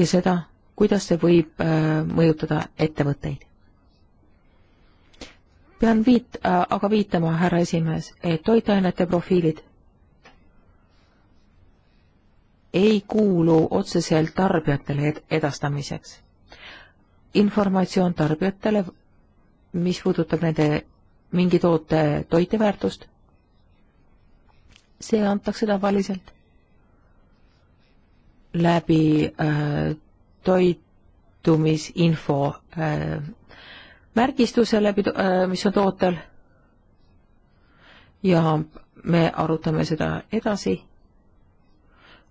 ja seda, kuidas see võib äh, mõjutada ettevõtteid pean viit- äh,, aga viitama, härra esimees, et toitainete profiilid ei kuulu otseselt tarbijatele edastamiseks. informatsioon tarbijatele, mis puudutab nende mingi toote toiteväärtust, see antakse tavaliselt läbi äh, toitumisinfo äh, märgistuse läbi, äh, mis on tootel. ja me arutame seda edasi,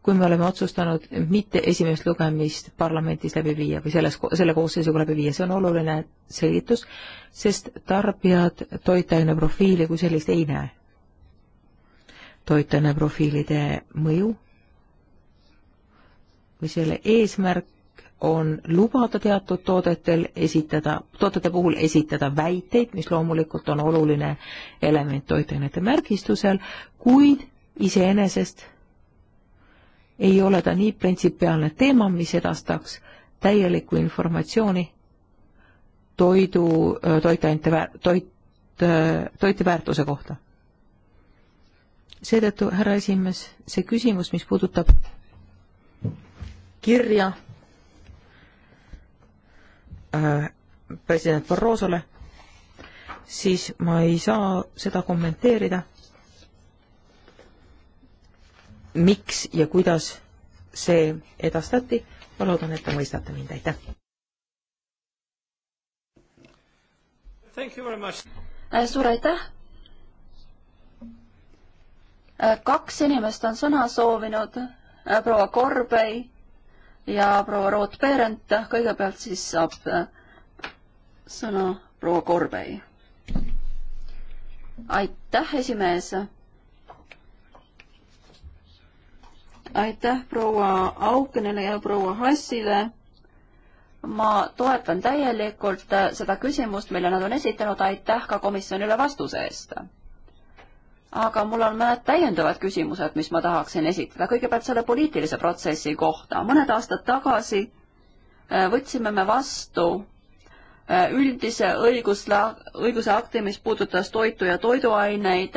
kui me oleme otsustanud mitte esimest lugemist parlamendis läbi viia või selles, selle koosseisuga läbi viia, see on oluline selgitus, sest tarbijad toitaine profiili kui sellist ei näe. toitaine profiilide mõju või selle eesmärk on lubada teatud toodetel esitada, toodete puhul esitada väiteid, mis loomulikult on oluline element toitainete märgistusel, kuid iseenesest ei ole ta nii printsipiaalne teema, mis edastaks täielikku informatsiooni toidu, toitainete, toit, toite väärtuse kohta. seetõttu, härra esimees, see küsimus, mis puudutab kirja Äh, president Barrosole, siis ma ei saa seda kommenteerida, miks ja kuidas see edastati, ma loodan, et te mõistate mind, aitäh! Äh, suur aitäh! Äh, kaks inimest on sõna soovinud, proua Korbei ja proua Roth-Berend, kõigepealt siis saab äh, sõna proua Korbei. aitäh, esimees. aitäh proua Aukenile ja proua Hassile. ma toetan täielikult äh, seda küsimust, mille nad on esitanud, aitäh ka komisjonile vastuse eest aga mul on mõned täiendavad küsimused, mis ma tahaksin esitada. kõigepealt selle poliitilise protsessi kohta. mõned aastad tagasi äh, võtsime me vastu äh, üldise õigusla-, õiguseakti, mis puudutas toitu ja toiduaineid.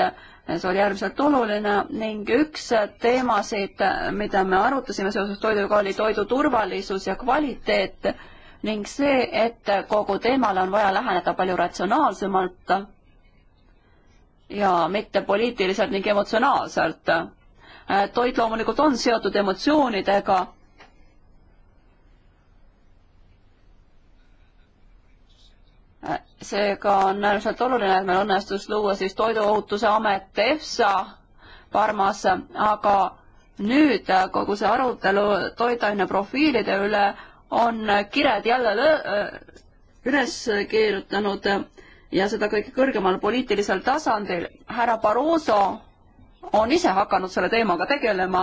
see oli äärmiselt oluline ning üks teemasid, mida me arutasime seoses toiduga, oli toidu turvalisus ja kvaliteet ning see, et kogu teemale on vaja läheneda palju ratsionaalsemalt ja mitte poliitiliselt ning emotsionaalselt. Äh, toit loomulikult on seotud emotsioonidega. Äh, seega on äärmiselt oluline, et meil õnnestus luua siis Toiduohutuse Amet EFSA Parmas, aga nüüd kogu see arutelu toiduaine profiilide üle on kired jälle äh, üles keerutanud ja seda kõige kõrgemal poliitilisel tasandil. härra Barroso on ise hakanud selle teemaga tegelema.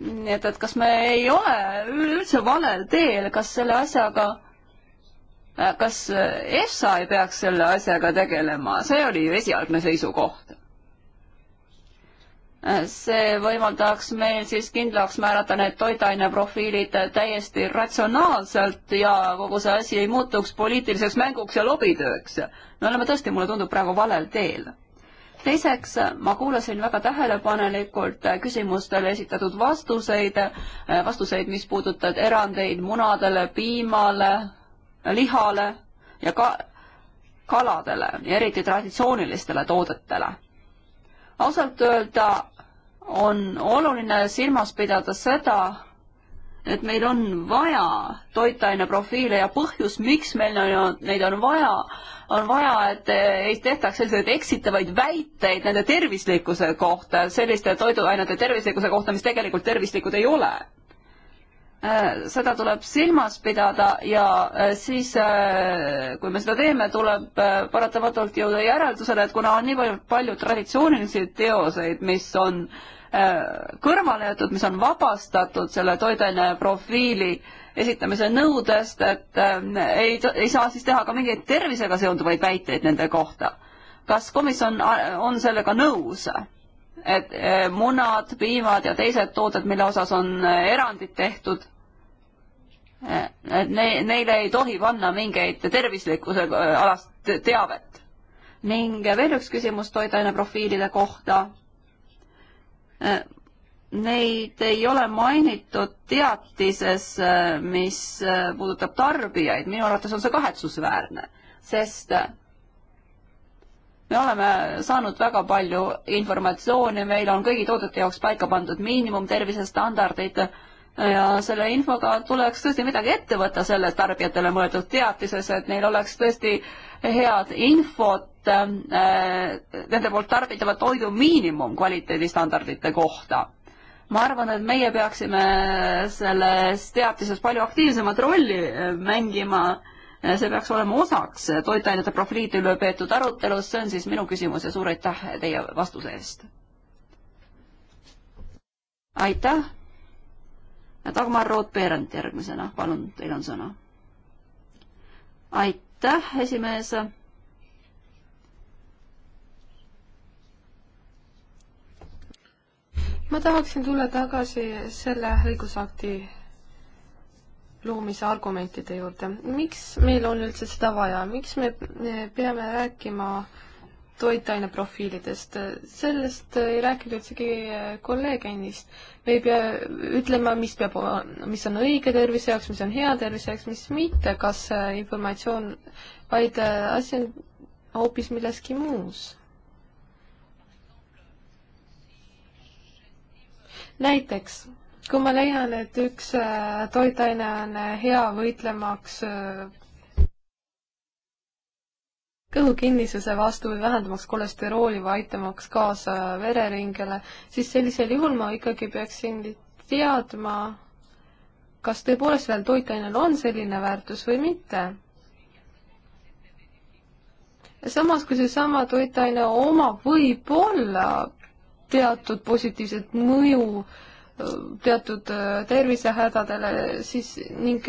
nii et, et kas me ei ole üleüldse valel teel, kas selle asjaga, kas EFSA ei peaks selle asjaga tegelema, see oli ju esialgne seisukoht see võimaldaks meil siis kindlaks määrata need toitaineprofiilid täiesti ratsionaalselt ja kogu see asi ei muutuks poliitiliseks mänguks ja lobitööks. me oleme tõesti, mulle tundub, praegu valel teel. teiseks, ma kuulasin väga tähelepanelikult küsimustele esitatud vastuseid, vastuseid, mis puudutavad erandeid munadele, piimale, lihale ja ka kaladele ja eriti traditsioonilistele toodetele ausalt öelda on oluline silmas pidada seda, et meil on vaja toitaine profiile ja põhjus, miks meil on, neid on vaja, on vaja, et ei tehtaks selliseid eksitavaid väiteid nende tervislikkuse kohta, selliste toiduainete tervislikkuse kohta, mis tegelikult tervislikud ei ole. seda tuleb silmas pidada ja eh, siis, eh, kui me seda teeme, tuleb eh, paratamatult jõuda järeldusele, et kuna on nii palju traditsioonilisi teoseid, mis on äh, Äh, kõrvale jäetud, mis on vabastatud selle toiduaine profiili esitamise nõudest, et äh, ei, ei saa siis teha ka mingeid tervisega seonduvaid väiteid nende kohta. kas komisjon äh, on sellega nõus? et munad, piimad ja teised tooted, mille osas on erandid tehtud, et ne-, neile ei tohi panna mingeid tervislikkuse alast teavet. ning veel üks küsimus toiduaine profiilide kohta Neid ei ole mainitud teatises, mis puudutab tarbijaid, minu arvates on see kahetsusväärne, sest me oleme saanud väga palju informatsiooni, meil on kõigi toodete jaoks paika pandud miinimumtervisestandardid, ja selle infoga tuleks tõesti midagi ette võtta selles tarbijatele mõeldud teatises, et neil oleks tõesti head infot äh, nende poolt tarbitava toidu miinimumkvaliteedistandardite kohta. ma arvan, et meie peaksime selles teatises palju aktiivsemat rolli äh, mängima, äh, see peaks olema osaks toitainete profiili üle peetud arutelust, see on siis minu küsimus ja suur aitäh teie vastuse eest! aitäh! Dagmar Rood-Berend järgmisena, palun, teil on sõna. aitäh, esimees. ma tahaksin tulla tagasi selle õigusakti loomise argumentide juurde. miks meil on üldse seda vaja, miks me peame rääkima äh, toitaineprofiilidest, sellest ei rääkinud üldsegi kolleeg ennist. me ei pea ütlema, mis peab, mis on õige tervise jaoks, mis on hea tervise jaoks, mis mitte, kas äh, informatsioon, vaid äh, asi on hoopis milleski muus. näiteks, kui ma leian, et üks äh, toitaine on hea võitlemaks kõhukinnisuse vastu või vähendamaks kolesterooli või aitamaks kaasa vereringele, siis sellisel juhul ma ikkagi peaksin teadma, kas tõepoolest sellel toitainel on selline väärtus või mitte. samas, kui seesama toitaine omab võib-olla teatud positiivset mõju teatud äh, tervisehädadele, siis ning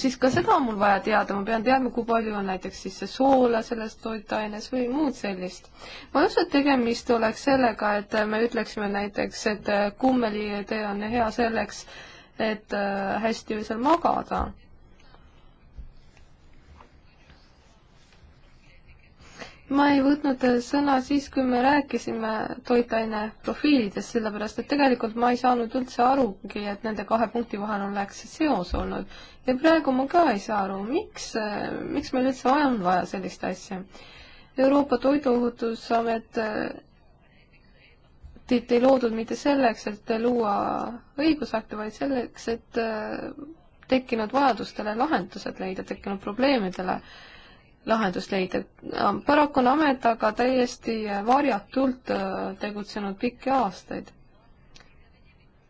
siis ka seda on mul vaja teada, ma pean teadma, kui palju on näiteks siis see soola selles toitaines või muud sellist. ma ei usu, et tegemist oleks sellega, et me ütleksime näiteks, et äh, kummelitee on hea selleks, et äh, hästi öösel magada ma ei võtnud äh, sõna siis, kui me rääkisime toitaine profiilidest, sellepärast et tegelikult ma ei saanud üldse arugi, et nende kahe punkti vahel oleks seos olnud. ja praegu ma ka ei saa aru, miks, äh, miks meil üldse vaja on vaja sellist asja. Euroopa Toiduohutusamet tit äh, ei loodud mitte selleks, et luua õigusakte, vaid selleks, et tekkinud vajadustele lahendused leida, tekkinud probleemidele äh, lahendust leida. paraku on amet aga täiesti varjatult äh, tegutsenud pikki aastaid.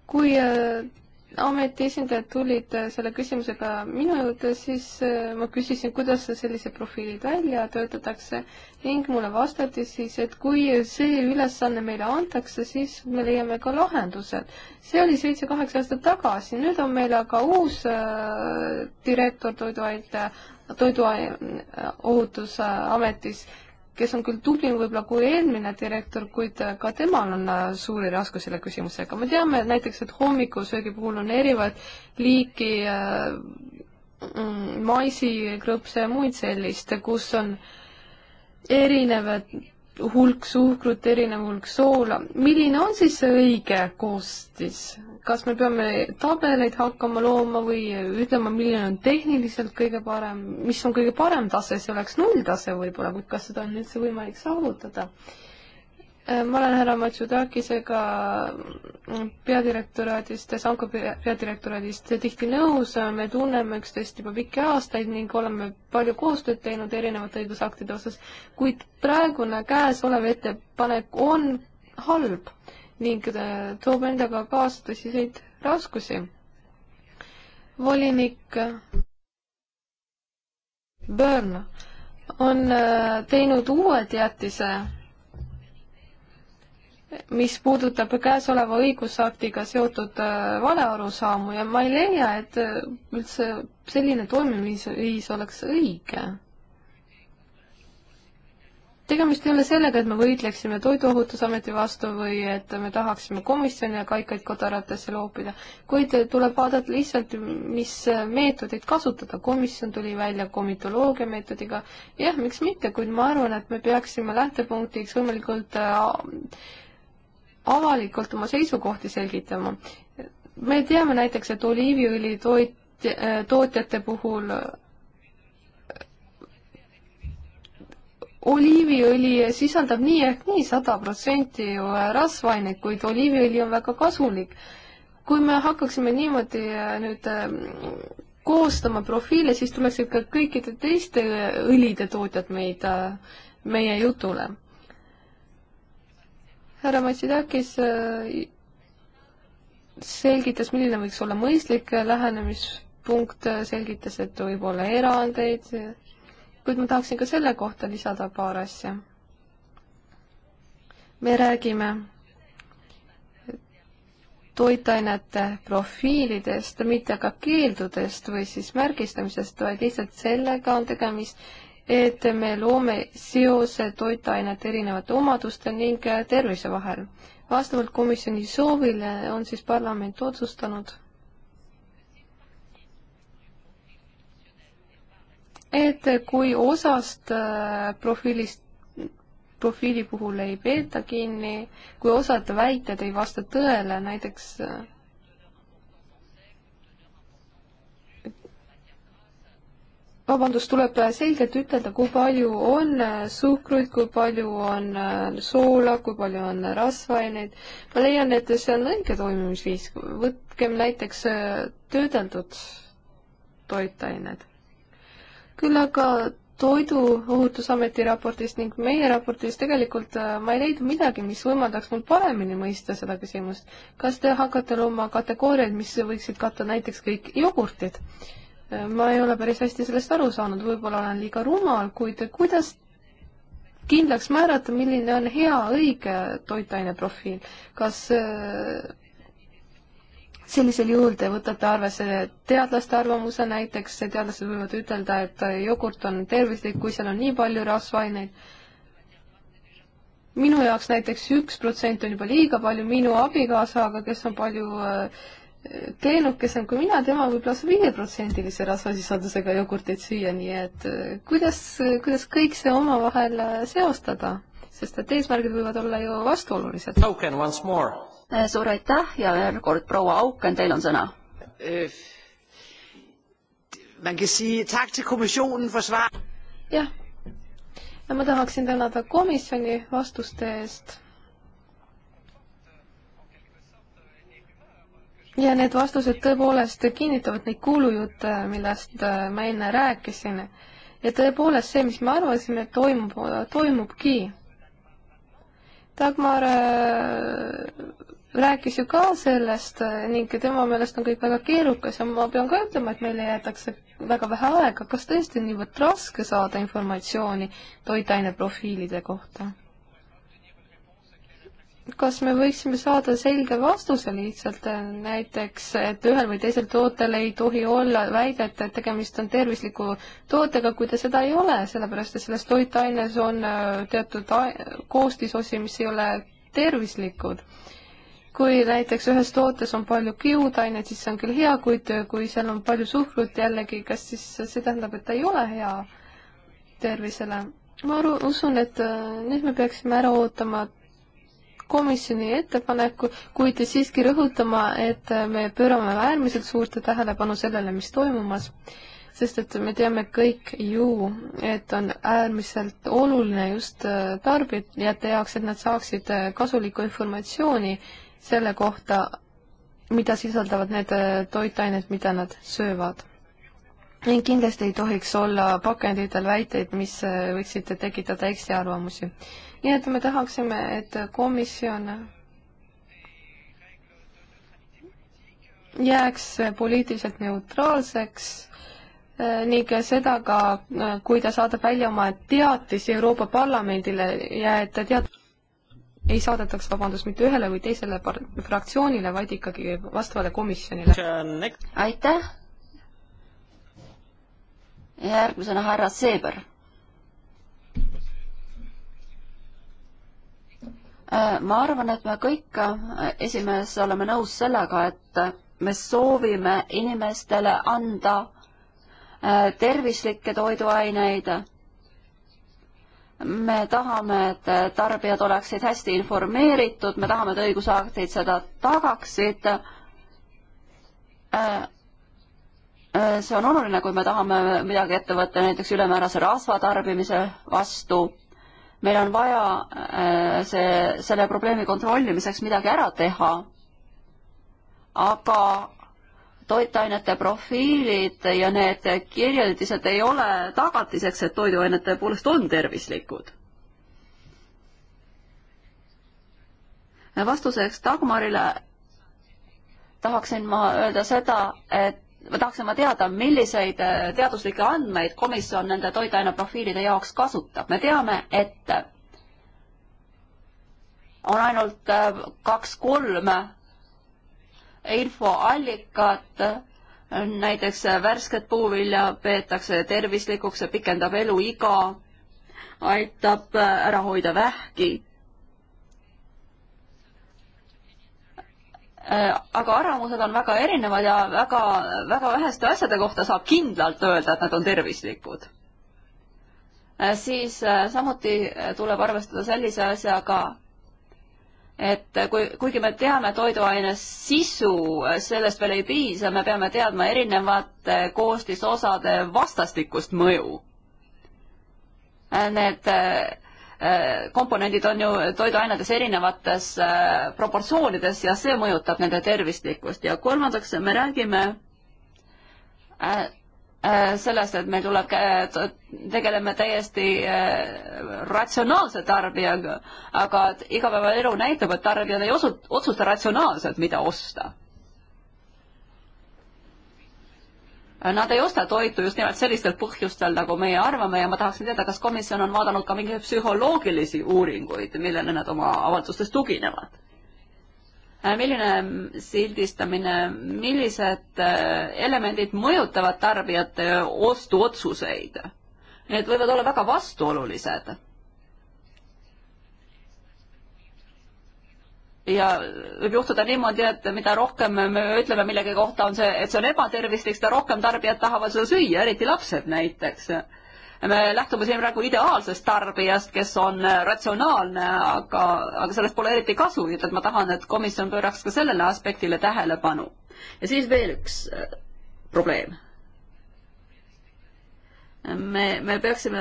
kui äh, ameti esindajad tulid äh, selle küsimusega minu juurde, siis äh, ma küsisin, kuidas sellised profiilid välja töötatakse ning mulle vastati siis, et kui see ülesanne meile antakse, siis me leiame ka lahendused. see oli seitse-kaheksa aastat tagasi, nüüd on meil aga uus äh, direktor toiduainete, toiduohutusametis kes on küll tublim võib-olla kui eelmine direktor, kuid ka temal on äh, suuri raskusi selle küsimusega. me teame näiteks, et hommikusöögi puhul on erinevat liiki äh, mm, maisikrõpse ja muid sellist, kus on erinevad hulk suhkrut, erinev hulk soola. milline on siis see õige koostis? kas me peame tabeleid hakkama looma või ütlema, milline on tehniliselt kõige parem, mis on kõige parem tase, see oleks nulltase võib-olla, kuid kas seda on üldse võimalik saavutada? ma olen härra Matsudakisega peadirektoraadist, Sanko peadirektoraadist tihti nõus, me tunneme üksteist juba pikki aastaid ning oleme palju koostööd teinud erinevate õigusaktide osas, kuid praegune käesolev ettepanek on halb ning toob endaga kaasa tõsiseid raskusi. volinik Börn on äh, teinud uue teatise mis puudutab käesoleva õigusaktiga seotud äh, valearusaamu ja ma ei leia, et äh, üldse selline toimimisviis oleks õige. tegemist ei ole sellega, et me võitleksime Toiduohutusameti vastu või et me tahaksime komisjoni ja kaikaid kodaratesse loopida, kuid äh, tuleb vaadata lihtsalt, mis meetodeid kasutada. komisjon tuli välja komitoloogia meetodiga, jah, miks mitte, kuid ma arvan, et me peaksime lähtepunktiks võimalikult äh, avalikult oma seisukohti selgitama. me teame näiteks, et oliiviõli toit, äh, tootjate puhul oliiviõli sisaldab nii ehk nii sada protsenti ju äh, rasvaineid, kuid oliiviõli on väga kasulik. kui me hakkaksime niimoodi äh, nüüd koostama profiile, siis tuleksid ka kõikide teiste õlide tootjad meid, meie jutule härra Massidakis äh, selgitas, milline võiks olla mõistlik lähenemispunkt, äh, selgitas, et võib olla erandeid, kuid ma tahaksin ka selle kohta lisada paar asja. me räägime toitainete profiilidest, mitte ka keeldudest või siis märgistamisest, vaid lihtsalt sellega on tegemist, et me loome seose toitainete erinevate omaduste ning tervise vahel. vastavalt komisjoni soovile on siis parlament otsustanud, et kui osast äh, profiilist, profiili puhul ei peeta kinni, kui osad väited ei vasta tõele, näiteks äh, vabandust, tuleb selgelt ütelda, kui palju on äh, suhkruid, kui palju on äh, soola, kui palju on rasvaineid. ma leian, et see on õige toimimisviis, võtkem näiteks äh, töödeldud toitained. küll aga Toiduohutusameti raportist ning meie raportist tegelikult ma ei leidnud midagi, mis võimaldaks mul paremini mõista seda küsimust. kas te hakkate looma kategooriaid, mis võiksid katta näiteks kõik jogurtid? ma ei ole päris hästi sellest aru saanud, võib-olla olen liiga rumal, kuid kuidas kindlaks määrata, milline on hea, õige toitaine profiil, kas äh, sellisel juhul te võtate arvesse teadlaste arvamuse, näiteks teadlased võivad ütelda, et jogurt on tervislik, kui seal on nii palju rasvaineid. minu jaoks näiteks üks protsent on juba liiga palju, minu abikaasaga, kes on palju äh, keenukesem kui mina, tema võib lausa viieprotsendilise rasvasisaldusega jogurtit süüa, nii et äh, kuidas, kuidas kõik see omavahel äh, seostada, sest et eesmärgid võivad olla ju vastuolulised. Auken, once more! Äh, suur aitäh ja veel kord, proua Auken, teil on sõna. jah, ma tahaksin tänada komisjoni vastuste eest ja need vastused tõepoolest kinnitavad neid kuulujutte, millest äh, ma enne rääkisin. ja tõepoolest see, mis me arvasime, toimub, toimubki. Dagmar äh, rääkis ju ka sellest äh, ning tema meelest on kõik väga keerukas ja ma pean ka ütlema, et meile jäetakse väga vähe aega. kas tõesti on niivõrd raske saada informatsiooni toitaine profiilide kohta? kas me võiksime saada selge vastuse lihtsalt äh, näiteks, et ühel või teisel tootel ei tohi olla väidet, et tegemist on tervisliku tootega, kui ta seda ei ole, sellepärast et selles toitaines on äh, teatud koostisosi, mis ei ole tervislikud. kui näiteks ühes tootes on palju kiudainet, siis see on küll hea, kuid äh, kui seal on palju suhkrut jällegi, kas siis see tähendab, et ta ei ole hea tervisele? ma aru, usun, et nüüd me peaksime ära ootama komisjoni ettepaneku, kuid siiski rõhutama, et me pöörame äärmiselt suurt tähelepanu sellele, mis toimumas, sest et me teame kõik ju, et on äärmiselt oluline just tarbijate jaoks, et nad saaksid kasulikku informatsiooni selle kohta, mida sisaldavad need toitained, mida nad söövad ning kindlasti ei tohiks olla pakenditel väiteid, mis võiksid tekitada eksiarvamusi nii et me tahaksime, et komisjon jääks poliitiliselt neutraalseks eh, ning seda ka, eh, kui ta saadab välja oma teatisi Euroopa Parlamendile ja et teat- ei saadetaks, vabandust, mitte ühele või teisele par-, fraktsioonile, vaid ikkagi vastavale komisjonile. aitäh! järgmisena härra Seeber Äh, ma arvan, et me kõik, äh, esimees, oleme nõus sellega, et äh, me soovime inimestele anda tervislikke toiduaineid. me tahame, et tarbijad oleksid hästi informeeritud, me tahame, et õigusaktid seda tagaksid see on oluline, kui me tahame midagi ette võtta näiteks ülemäärase rasva tarbimise vastu meil on vaja äh, see, selle probleemi kontrollimiseks midagi ära teha, aga toitainete profiilid ja need kirjeldised ei ole tagatiseks, et toiduained tõepoolest on tervislikud. vastuseks Dagmarile tahaksin ma öelda seda, et tahaksin ma teada, milliseid äh, teaduslikke andmeid komisjon nende toitaineprofiilide jaoks kasutab. me teame, et on ainult äh, kaks-kolm infoallikat, näiteks värsket puuvilja peetakse tervislikuks, see pikendab eluiga, aitab ära hoida vähki Äh, aga arvamused on väga erinevad ja väga, väga väheste asjade kohta saab kindlalt öelda, et nad on tervislikud. Äh, siis äh, samuti tuleb arvestada sellise asjaga, et kui, kuigi me teame toiduaine sisu, sellest veel ei piisa, me peame teadma erinevate koostisosade vastastikust mõju. Need komponendid on ju toiduainetes erinevates äh, proportsioonides ja see mõjutab nende tervislikkust ja kolmandaks me räägime äh, äh, sellest, et meil tuleb, tegeleme täiesti ratsionaalse tarbijaga, aga igapäevaelu näitab, et tarbijad ei osu-, otsusta ratsionaalselt, mida osta Nad ei osta toitu just nimelt sellistel põhjustel, nagu meie arvame ja ma tahaksin teada, kas komisjon on vaadanud ka mingeid psühholoogilisi uuringuid, millele nad oma avaldustes tuginevad? Äh, milline sildistamine, millised äh, elemendid mõjutavad tarbijate ostuotsuseid? Need võivad olla väga vastuolulised ja võib juhtuda niimoodi, et mida rohkem me ütleme millegi kohta, on see, et see on ebatervislik, seda rohkem tarbijad tahavad seda süüa, eriti lapsed näiteks. me lähtume siin praegu ideaalsest tarbijast, kes on ratsionaalne, aga, aga sellest pole eriti kasu, nii et ma tahan, et komisjon pööraks ka sellele aspektile tähelepanu. ja siis veel üks äh, probleem me, me peaksime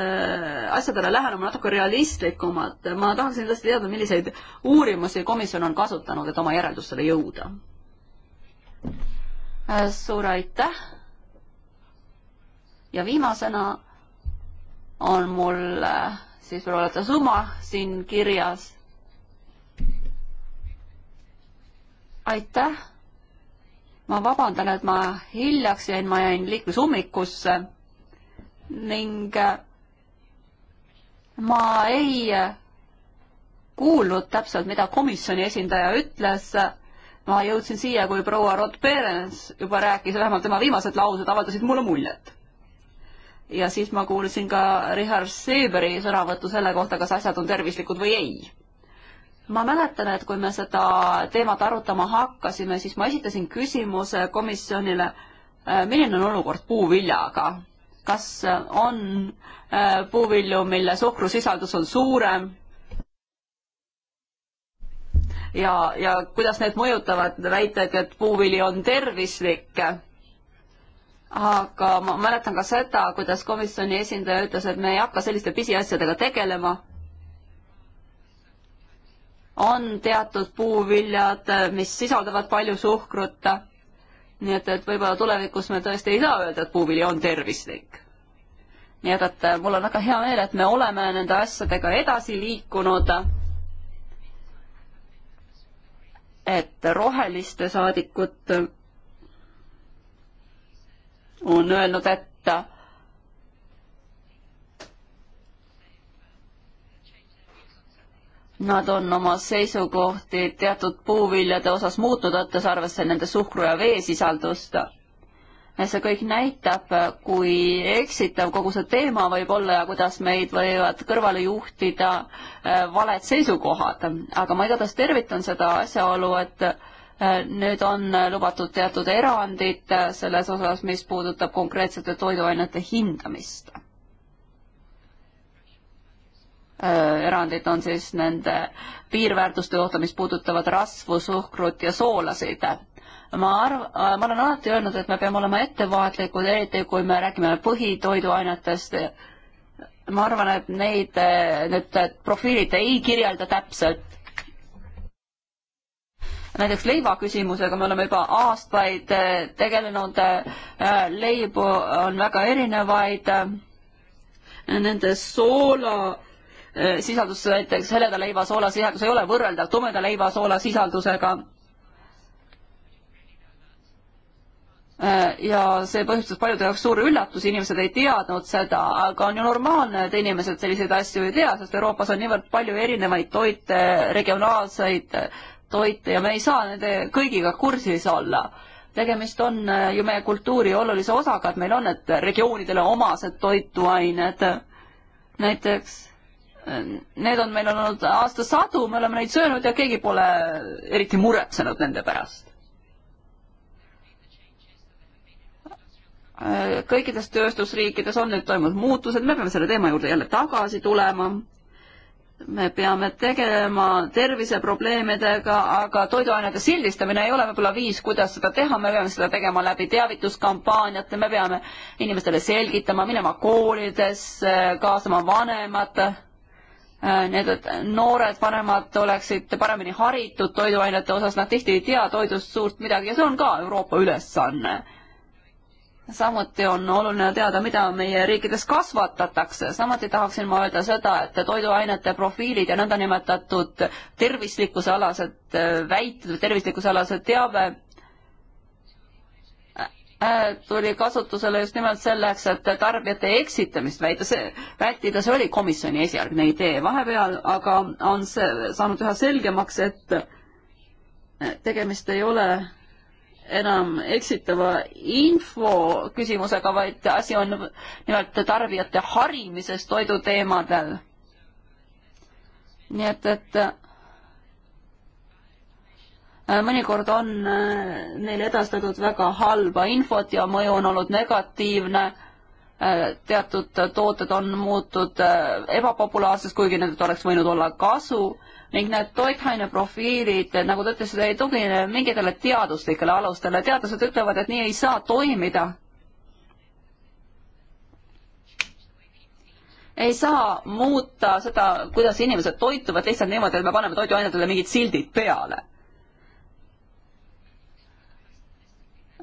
asjadele lähenema natuke realistlikumalt. ma tahaksin tõesti teada, milliseid uurimusi komisjon on kasutanud, et oma järeldustele jõuda. Äh, suur aitäh. ja viimasena on mul äh, siis võib-olla see summa siin kirjas. aitäh. ma vabandan, et ma hiljaks jäin, ma jäin liiklusummikusse ning äh, ma ei äh, kuulnud täpselt, mida komisjoni esindaja ütles. ma jõudsin siia, kui proua Rod-Perens juba rääkis, vähemalt tema viimased laused avaldasid mulle muljet. ja siis ma kuulsin ka Richard Seeberi sõnavõttu selle kohta, kas asjad on tervislikud või ei. ma mäletan, et kui me seda teemat arutama hakkasime, siis ma esitasin küsimuse komisjonile, milline on olukord puuviljaga kas on äh, puuvilju, mille suhkrusisaldus on suurem ja, ja kuidas need mõjutavad väited, et puuvili on tervislik. aga ma mäletan ka seda, kuidas komisjoni esindaja ütles, et me ei hakka selliste pisiasjadega tegelema. on teatud puuviljad, mis sisaldavad palju suhkrut nii et, et võib-olla tulevikus me tõesti ei saa öelda, et puuvili on tervislik. nii et, et mul on väga hea meel, et me oleme nende asjadega edasi liikunud. et roheliste saadikud on öelnud, et Nad on oma seisukohti teatud puuviljade osas muutnud, võttes arvesse nende suhkru ja vee sisaldust. see kõik näitab, kui eksitav kogu see teema võib olla ja kuidas meid võivad kõrvale juhtida äh, valed seisukohad. aga ma igatahes tervitan seda asjaolu, et äh, nüüd on lubatud teatud erandid äh, selles osas, mis puudutab konkreetsete toiduainete hindamist Äh, erandid on siis nende piirväärtuste kohta, mis puudutavad rasvu, suhkrut ja soolasid. ma arv-, äh, ma olen alati öelnud, et me peame olema ettevaatlikud, eriti kui me räägime põhitoiduainetest. ma arvan, et neid, need profiilid ei kirjelda täpselt näiteks leiva küsimusega me oleme juba aastaid äh, tegelenud, leibu on väga erinevaid, nende soola Äh, sisaldus näiteks heleda leiva soolasisaldus ei ole võrreldav tumeda leiva soolasisaldusega. Äh, ja see põhjustas paljude jaoks suuri üllatusi, inimesed ei teadnud seda, aga on ju normaalne, et inimesed selliseid asju ei tea, sest Euroopas on niivõrd palju erinevaid toite, regionaalseid toite ja me ei saa nende kõigiga kursis olla tegemist on äh, ju meie kultuuri olulise osaga, et meil on need regioonidele omased toiduained. näiteks Need on meil olnud aastasadu, me oleme neid söönud ja keegi pole eriti muretsenud nende pärast. kõikides tööstusriikides on nüüd toimunud muutused, me peame selle teema juurde jälle tagasi tulema me peame tegelema terviseprobleemidega, aga toiduainete sildistamine ei ole võib-olla viis, kuidas seda teha, me peame seda tegema läbi teavituskampaaniate, me peame inimestele selgitama, minema koolidesse, kaasama vanemad Äh, need noored paremad oleksid paremini haritud toiduainete osas, nad tihti ei tea toidust suurt midagi ja see on ka Euroopa ülesanne. samuti on oluline teada, mida meie riikides kasvatatakse, samuti tahaksin ma öelda seda, et toiduainete profiilid ja nõndanimetatud tervislikkuse alased äh, väited või tervislikkuse alase teave Äh, tuli kasutusele just nimelt selleks, et tarbijate eksitamist väita, see, vältida, see oli komisjoni esialgne idee. vahepeal aga on see saanud üha selgemaks, et äh, tegemist ei ole enam eksitava info küsimusega, vaid asi on nimelt tarbijate harimises toiduteemadel. nii et, et Äh, mõnikord on äh, neile edastatud väga halba infot ja mõju on olnud negatiivne, äh, teatud tooted on muutud ebapopulaarseks, kuigi nendelt oleks võinud olla kasu ning need toitaine profiilid, nagu te ütlesite, ei tugine mingitele teaduslikele alustele, teadlased ütlevad, et nii ei saa toimida. ei saa muuta seda, kuidas inimesed toituvad lihtsalt niimoodi, et me paneme toiduainetele mingid sildid peale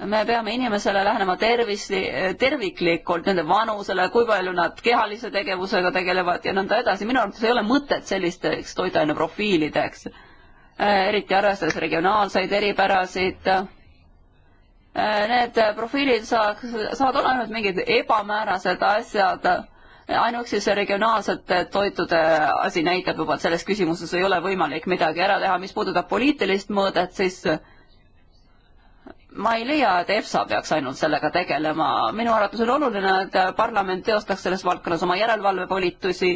me peame inimesele lähenema tervisli, terviklikult, nende vanusele, kui palju nad kehalise tegevusega tegelevad ja nõnda edasi, minu arvates ei ole mõtet sellisteks toitaineprofiilideks, äh, eriti arvestades regionaalseid eripärasid. Äh, need profiilid saaks, saavad olla ainult mingid ebamäärased asjad, ainuüksi see regionaalsete toitude asi näitab juba, et selles küsimuses ei ole võimalik midagi ära teha, mis puudutab poliitilist mõõdet, siis ma ei leia, et EFSA peaks ainult sellega tegelema, minu arvates on oluline, et parlament teostaks selles valdkonnas oma järelevalvevolitusi,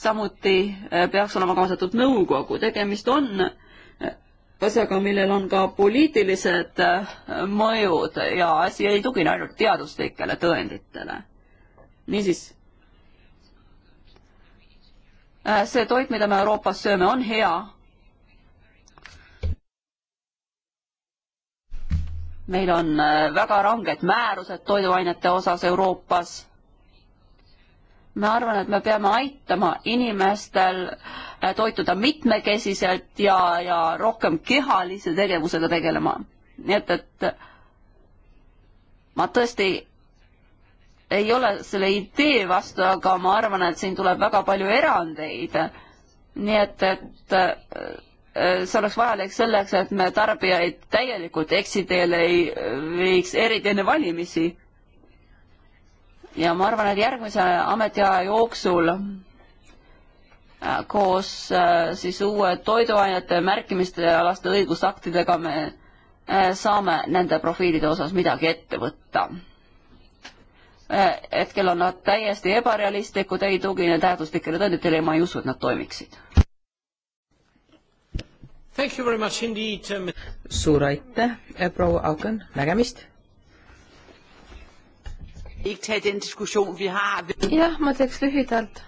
samuti eh, peaks olema kaasatud nõukogu, tegemist on eh, asjaga, millel on ka poliitilised eh, mõjud ja asi ei tugine ainult teaduslikele tõenditele. niisiis, see toit, mida me Euroopas sööme, on hea meil on äh, väga ranged määrused toiduainete osas Euroopas. ma arvan, et me peame aitama inimestel äh, toituda mitmekesiselt ja, ja rohkem kehalise tegevusega tegelema. nii et, et äh, ma tõesti ei ole selle idee vastu, aga ma arvan, et siin tuleb väga palju erandeid. nii et, et Äh, see oleks vajalik selleks, et me tarbijaid täielikult eksiteele ei äh, viiks, eriti enne valimisi. ja ma arvan, et järgmise ametiaja jooksul äh, koos siis uue toiduainete märkimiste ja laste õigusaktidega me saame nende profiilide osas midagi ette võtta. hetkel on nad täiesti ebarealistlikud, ei tugine tähenduslikele tõenditele ja ma ei usu, et nad toimiksid Uh, suur aitäh, eh, proua Auken, nägemist! jah, ma teeks lühidalt.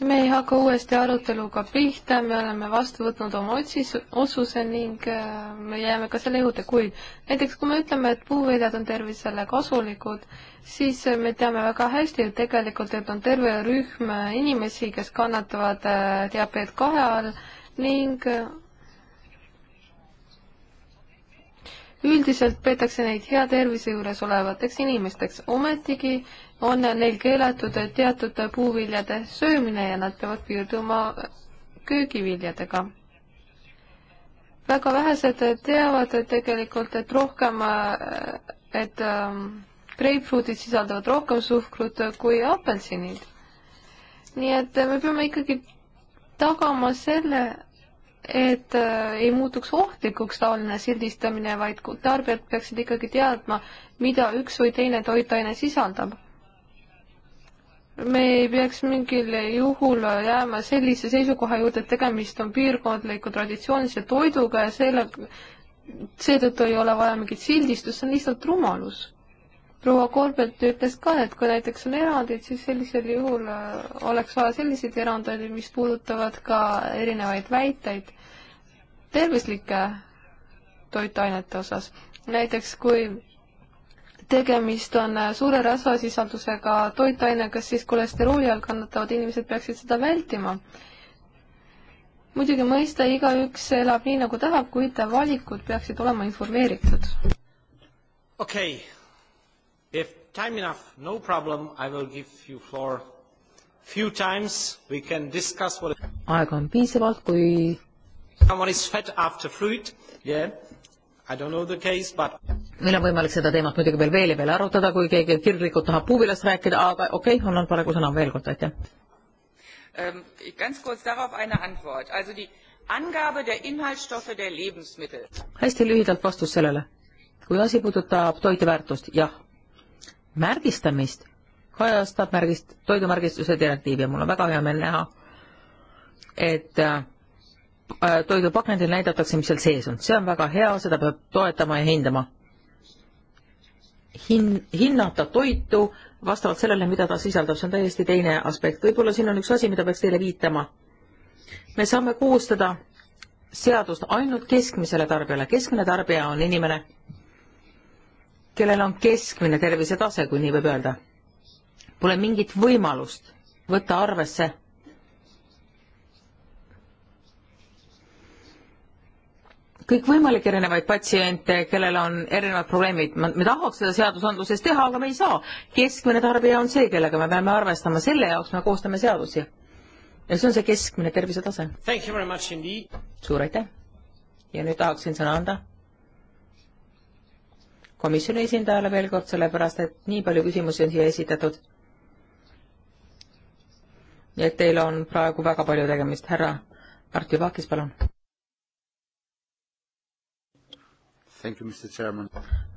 me ei hakka uuesti aruteluga pihta, me oleme vastu võtnud oma otsis, otsuse ning eh, me jääme ka selle juurde, kuid näiteks kui me ütleme, et puuviljad on tervisele kasulikud, siis me teame väga hästi ju tegelikult, et on terve rühm inimesi, kes kannatavad eh, diabeet kahe all ning äh, üldiselt peetakse neid hea tervise juures olevateks inimesteks, ometigi on neil keelatud teatud puuviljade söömine ja nad peavad piirduma köögiviljadega. väga vähesed teavad tegelikult, et rohkem, äh, et ähm, greipfruutid sisaldavad rohkem suhkrut kui apelsinid. nii et me peame ikkagi tagama selle, et äh, ei muutuks ohtlikuks taoline sildistamine, vaid tarbijad peaksid ikkagi teadma, mida üks või teine toitaine sisaldab. me ei peaks mingil juhul jääma sellise seisukoha juurde, et tegemist on piirkondliku traditsioonilise toiduga ja selle, seetõttu ei ole vaja mingit sildistust, see on lihtsalt rumalus proua Korbelt ütles ka, et kui näiteks on erandid, siis sellisel juhul äh, oleks vaja selliseid erandeid, mis puudutavad ka erinevaid väiteid tervislike toitainete osas. näiteks kui tegemist on äh, suure rasvasisaldusega toitainega, siis kolesterooli all kannatavad inimesed peaksid seda vältima. muidugi mõista, igaüks elab nii, nagu tahab, kuid valikud peaksid olema informeeritud. okei okay., if time enough, no problem, I will give you floor few times, we can discuss what aega on piisavalt, kui Someone is fed after fruit, yeah. Case, but... meil on võimalik seda teemat muidugi veel veel ja veel arutada, kui keegi kirglikult tahab puuvilast rääkida, aga okei okay,, annan praegu sõna veel kord, aitäh. Ähm, ganz kurz darauf eine Antwort. Also die Angabe der Inhaltsstoffe der Lebensmittel. hästi lühidalt vastus sellele. kui asi puudutab toiteväärtust, jah. märgistamist kajastab märgist, toidumärgistuse direktiiv ja mul on väga hea meel näha, et äh, Äh, toidupakendil näidatakse, mis seal sees on. see on väga hea, seda peab toetama ja hindama. Hin-, hinnata toitu vastavalt sellele, mida ta sisaldab, see on täiesti teine aspekt. võib-olla siin on üks asi, mida peaks teile viitama. me saame koostada seadust ainult keskmisele tarbijale. keskmine tarbija on inimene, kellel on keskmine tervisetase, kui nii võib öelda. Pole mingit võimalust võtta arvesse kõikvõimalikke erinevaid patsiente, kellel on erinevad probleemid. me tahaks seda seadusandluses teha, aga me ei saa. keskmine tarbija on see, kellega me peame arvestama, selle jaoks me koostame seadusi. ja see on see keskmine tervisetase. suur aitäh. ja nüüd tahaksin sõna anda komisjoni esindajale veel kord, sellepärast et nii palju küsimusi on siia esitatud. nii et teil on praegu väga palju tegemist, härra Artur Pakis, palun.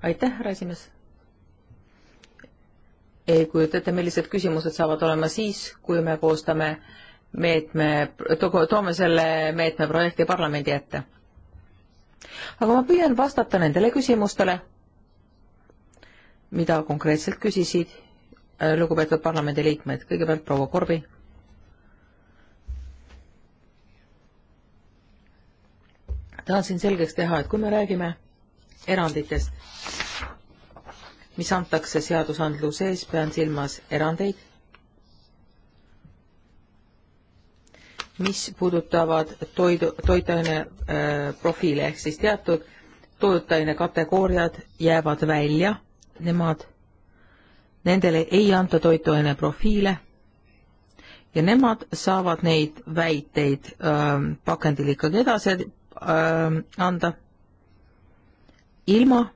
aitäh, härra esimees. ei kujuta ette, millised küsimused saavad olema siis, kui me koostame meetme, toome selle meetme projekti parlamendi ette. aga ma püüan vastata nendele küsimustele, mida konkreetselt küsisid äh, lugupeetud parlamendiliikmed, kõigepealt proua Korbi. tahan siin selgeks teha, et kui me räägime eranditest, mis antakse seadusandluse ees, pean silmas erandeid, mis puudutavad toidu, toitaine äh, profiile ehk siis teatud toitaine kategooriad jäävad välja, nemad, nendele ei anta toitaine profiile ja nemad saavad neid väiteid äh, pakendil ikkagi edasi äh, anda ilma,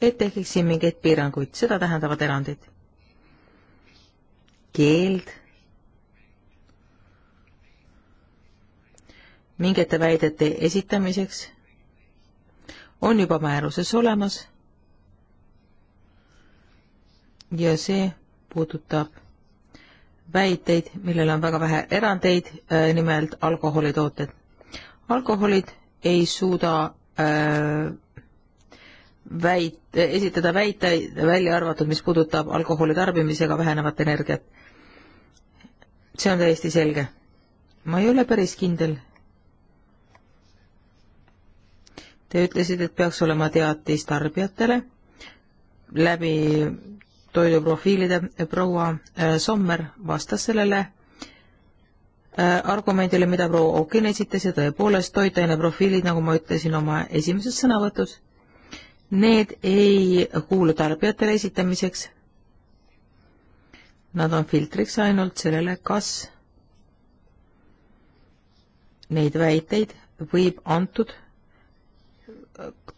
et tekiks siin mingeid piiranguid, seda tähendavad erandid. keeld mingite väidete esitamiseks on juba määruses olemas ja see puudutab väiteid, millel on väga vähe erandeid, äh, nimelt alkoholitooted. alkoholid ei suuda öö, äh, väit-, esitada väiteid, välja arvatud, mis puudutab alkoholi tarbimisega vähenevat energiat. see on täiesti selge. ma ei ole päris kindel. Te ütlesite, et peaks olema teatis tarbijatele läbi toiduprofiilide. proua äh, Sommer vastas sellele äh, argumendile, mida proua Okin esitas ja tõepoolest toitaineprofiilid, nagu ma ütlesin oma esimeses sõnavõtus Need ei kuulu tarbijatele esitamiseks. Nad on filtriks ainult sellele, kas neid väiteid võib antud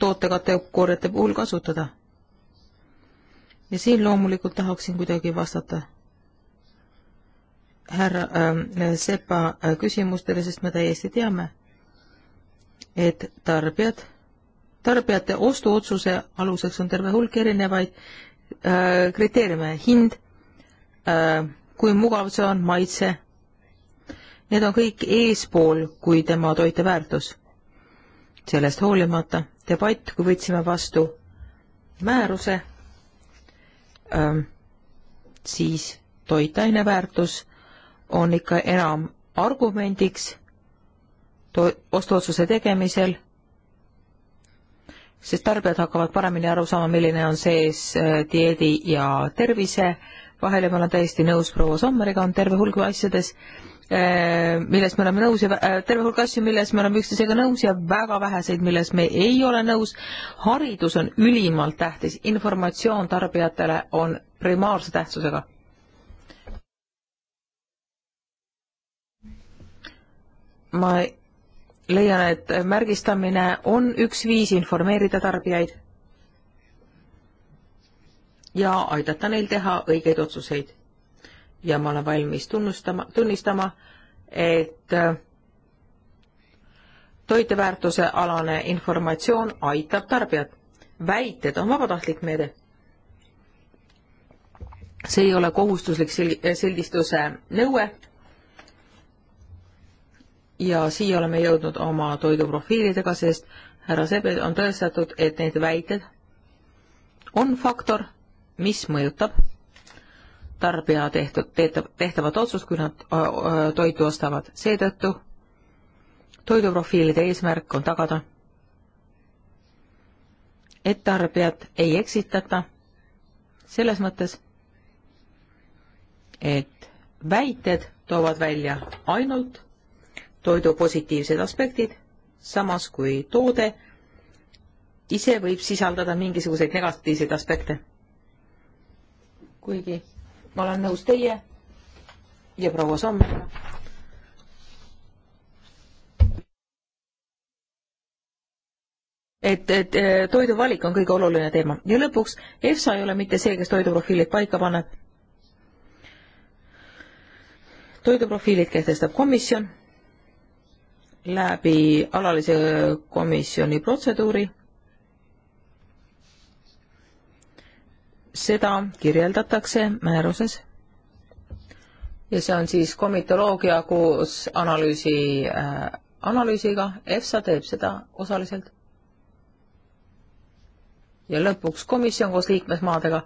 tootekategooriate puhul kasutada. ja siin loomulikult tahaksin kuidagi vastata härra ähm, äh, Sepa küsimustele, sest me täiesti teame, et tarbijad tarbijate ostuotsuse aluseks on terve hulk erinevaid äh, kriteeriume, hind äh,, kui mugav see on, maitse, need on kõik eespool kui tema toite väärtus. sellest hoolimata debatt, kui võtsime vastu määruse ähm,, siis toitaine väärtus on ikka enam argumendiks ostuotsuse tegemisel sest tarbijad hakkavad paremini aru saama, milline on sees äh, dieedi ja tervise vahel ja ma olen täiesti nõus proua Sommeriga, on terve hulk asjades, äh, milles me oleme nõus ja äh, terve hulk asju, milles me oleme üksteisega nõus ja väga väheseid, milles me ei ole nõus. haridus on ülimalt tähtis, informatsioon tarbijatele on primaarse tähtsusega. ma leian, et märgistamine on üks viis informeerida tarbijaid ja aidata neil teha õigeid otsuseid. ja ma olen valmis tunnustama, tunnistama, et äh, toiteväärtuse alane informatsioon aitab tarbijat. väited on vabatahtlik meede. see ei ole kohustuslik sildistuse nõue ja siia oleme jõudnud oma toiduprofiilidega, sest härra Sebed on tõestatud, et need väited on faktor, mis mõjutab tarbija tehtud, tehtav, tehtavat otsust, kui nad äh, äh, toitu ostavad. seetõttu toiduprofiilide eesmärk on tagada, et tarbijat ei eksitata selles mõttes, et väited toovad välja ainult toidu positiivsed aspektid, samas kui toode ise võib sisaldada mingisuguseid negatiivseid aspekte. kuigi ma olen nõus teie ja proua Sommega. et, et eh, toiduvalik on kõige oluline teema ja lõpuks EFSA ei ole mitte see, kes toiduprofiilid paika paneb. toiduprofiilid kehtestab komisjon läbi alalise komisjoni protseduuri. seda kirjeldatakse määruses ja see on siis komitoloogia koos analüüsi äh,, analüüsiga, EFSA teeb seda osaliselt. ja lõpuks komisjon koos liikmesmaadega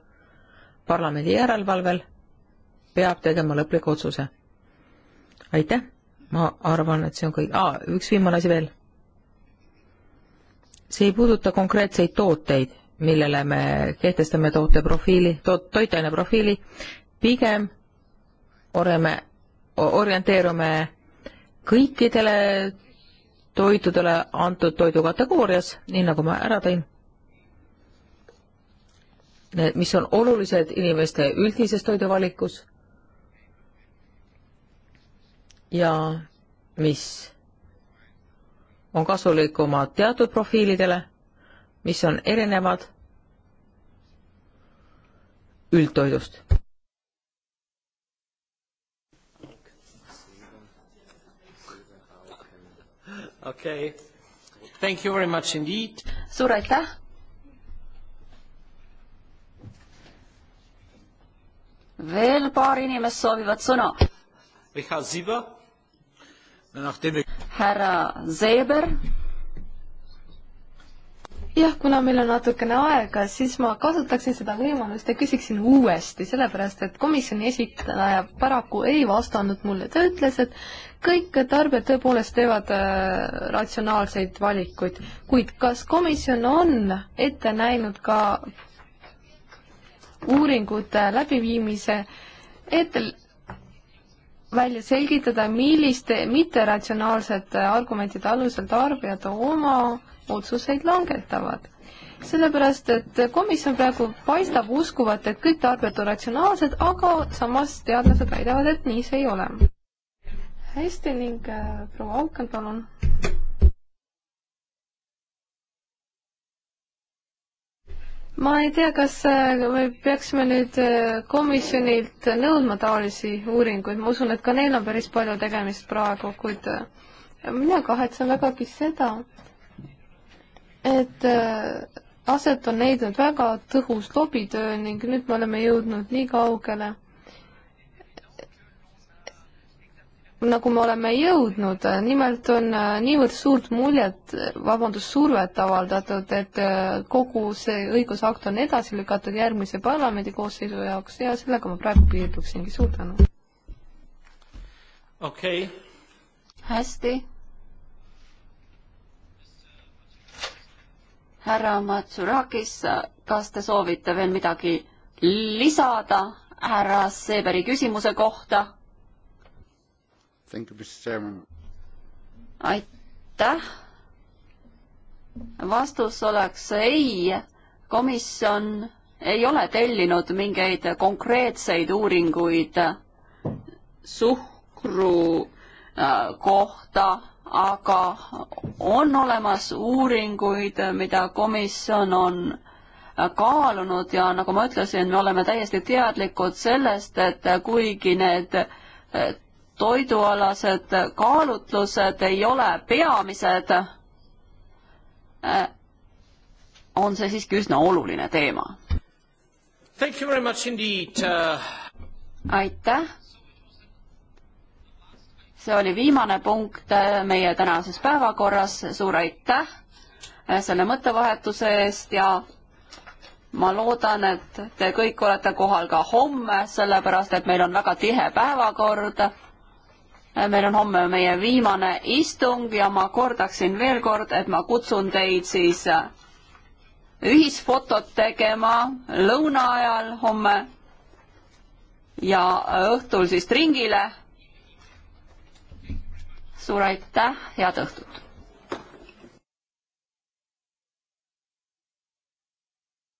parlamendi järelevalvel peab tegema lõpliku otsuse. aitäh! ma arvan, et see on kõik ah,, üks viimane asi veel. see ei puuduta konkreetseid tooteid, millele me kehtestame toote profiili, toot-, toitaine profiili, pigem oleme, orienteerume kõikidele toitudele antud toidukategoorias, nii nagu ma ära tõin need, mis on olulised inimeste üldises toiduvalikus ja mis on kasulikumad teatud profiilidele, mis on erinevad üldtoidust. okei okay., thank you very much indeed. suur aitäh. veel paar inimest soovivad sõna. Richard Sieber härra Zeeber. jah, kuna meil on natukene aega, siis ma kasutaksin seda võimalust ja küsiksin uuesti, sellepärast et komisjoni esitaja paraku ei vastanud mulle, ta ütles, et kõik tarbijad tõepoolest teevad äh, ratsionaalseid valikuid, kuid kas komisjon on ette näinud ka uuringute läbiviimise, et välja selgitada, milliste mitteratsionaalsete argumentide alusel tarbijad oma otsuseid langetavad. sellepärast, et komisjon praegu paistab uskuvat, et kõik tarbijad on ratsionaalsed, aga samas teadlased väidavad, et nii see ei ole. hästi ning äh, proua Auken, palun ma ei tea, kas äh, me peaksime nüüd äh, komisjonilt nõudma taolisi uuringuid, ma usun, et ka neil on päris palju tegemist praegu, kuid äh, mina kahetsen vägagi seda, et aset on leidnud väga tõhus lobitöö ning nüüd me oleme jõudnud nii kaugele, nagu me oleme jõudnud, nimelt on äh, niivõrd suurt muljet, äh, vabandust, survet avaldatud, et äh, kogu see õigusakt on edasi lükatud järgmise parlamendikoosseisu jaoks ja sellega ma praegu piirduksingi, suur tänu. okei okay.. hästi. härra Matsurakis, kas te soovite veel midagi lisada härra Seeberi küsimuse kohta? aitäh. vastus oleks ei. komisjon ei ole tellinud mingeid konkreetseid uuringuid suhkru äh, kohta, aga on olemas uuringuid, mida komisjon on äh, kaalunud ja nagu ma ütlesin, me oleme täiesti teadlikud sellest, et kuigi need äh, toidualased kaalutlused ei ole peamised, äh, on see siiski üsna oluline teema. Uh, aitäh. see oli viimane punkt äh, meie tänases päevakorras, suur aitäh äh, selle mõttevahetuse eest ja ma loodan, et te kõik olete kohal ka homme, sellepärast et meil on väga tihe päevakord meil on homme meie viimane istung ja ma kordaksin veel kord, et ma kutsun teid siis äh, ühisfotot tegema lõuna ajal homme ja äh, õhtul siis ringile. suur aitäh, head õhtut!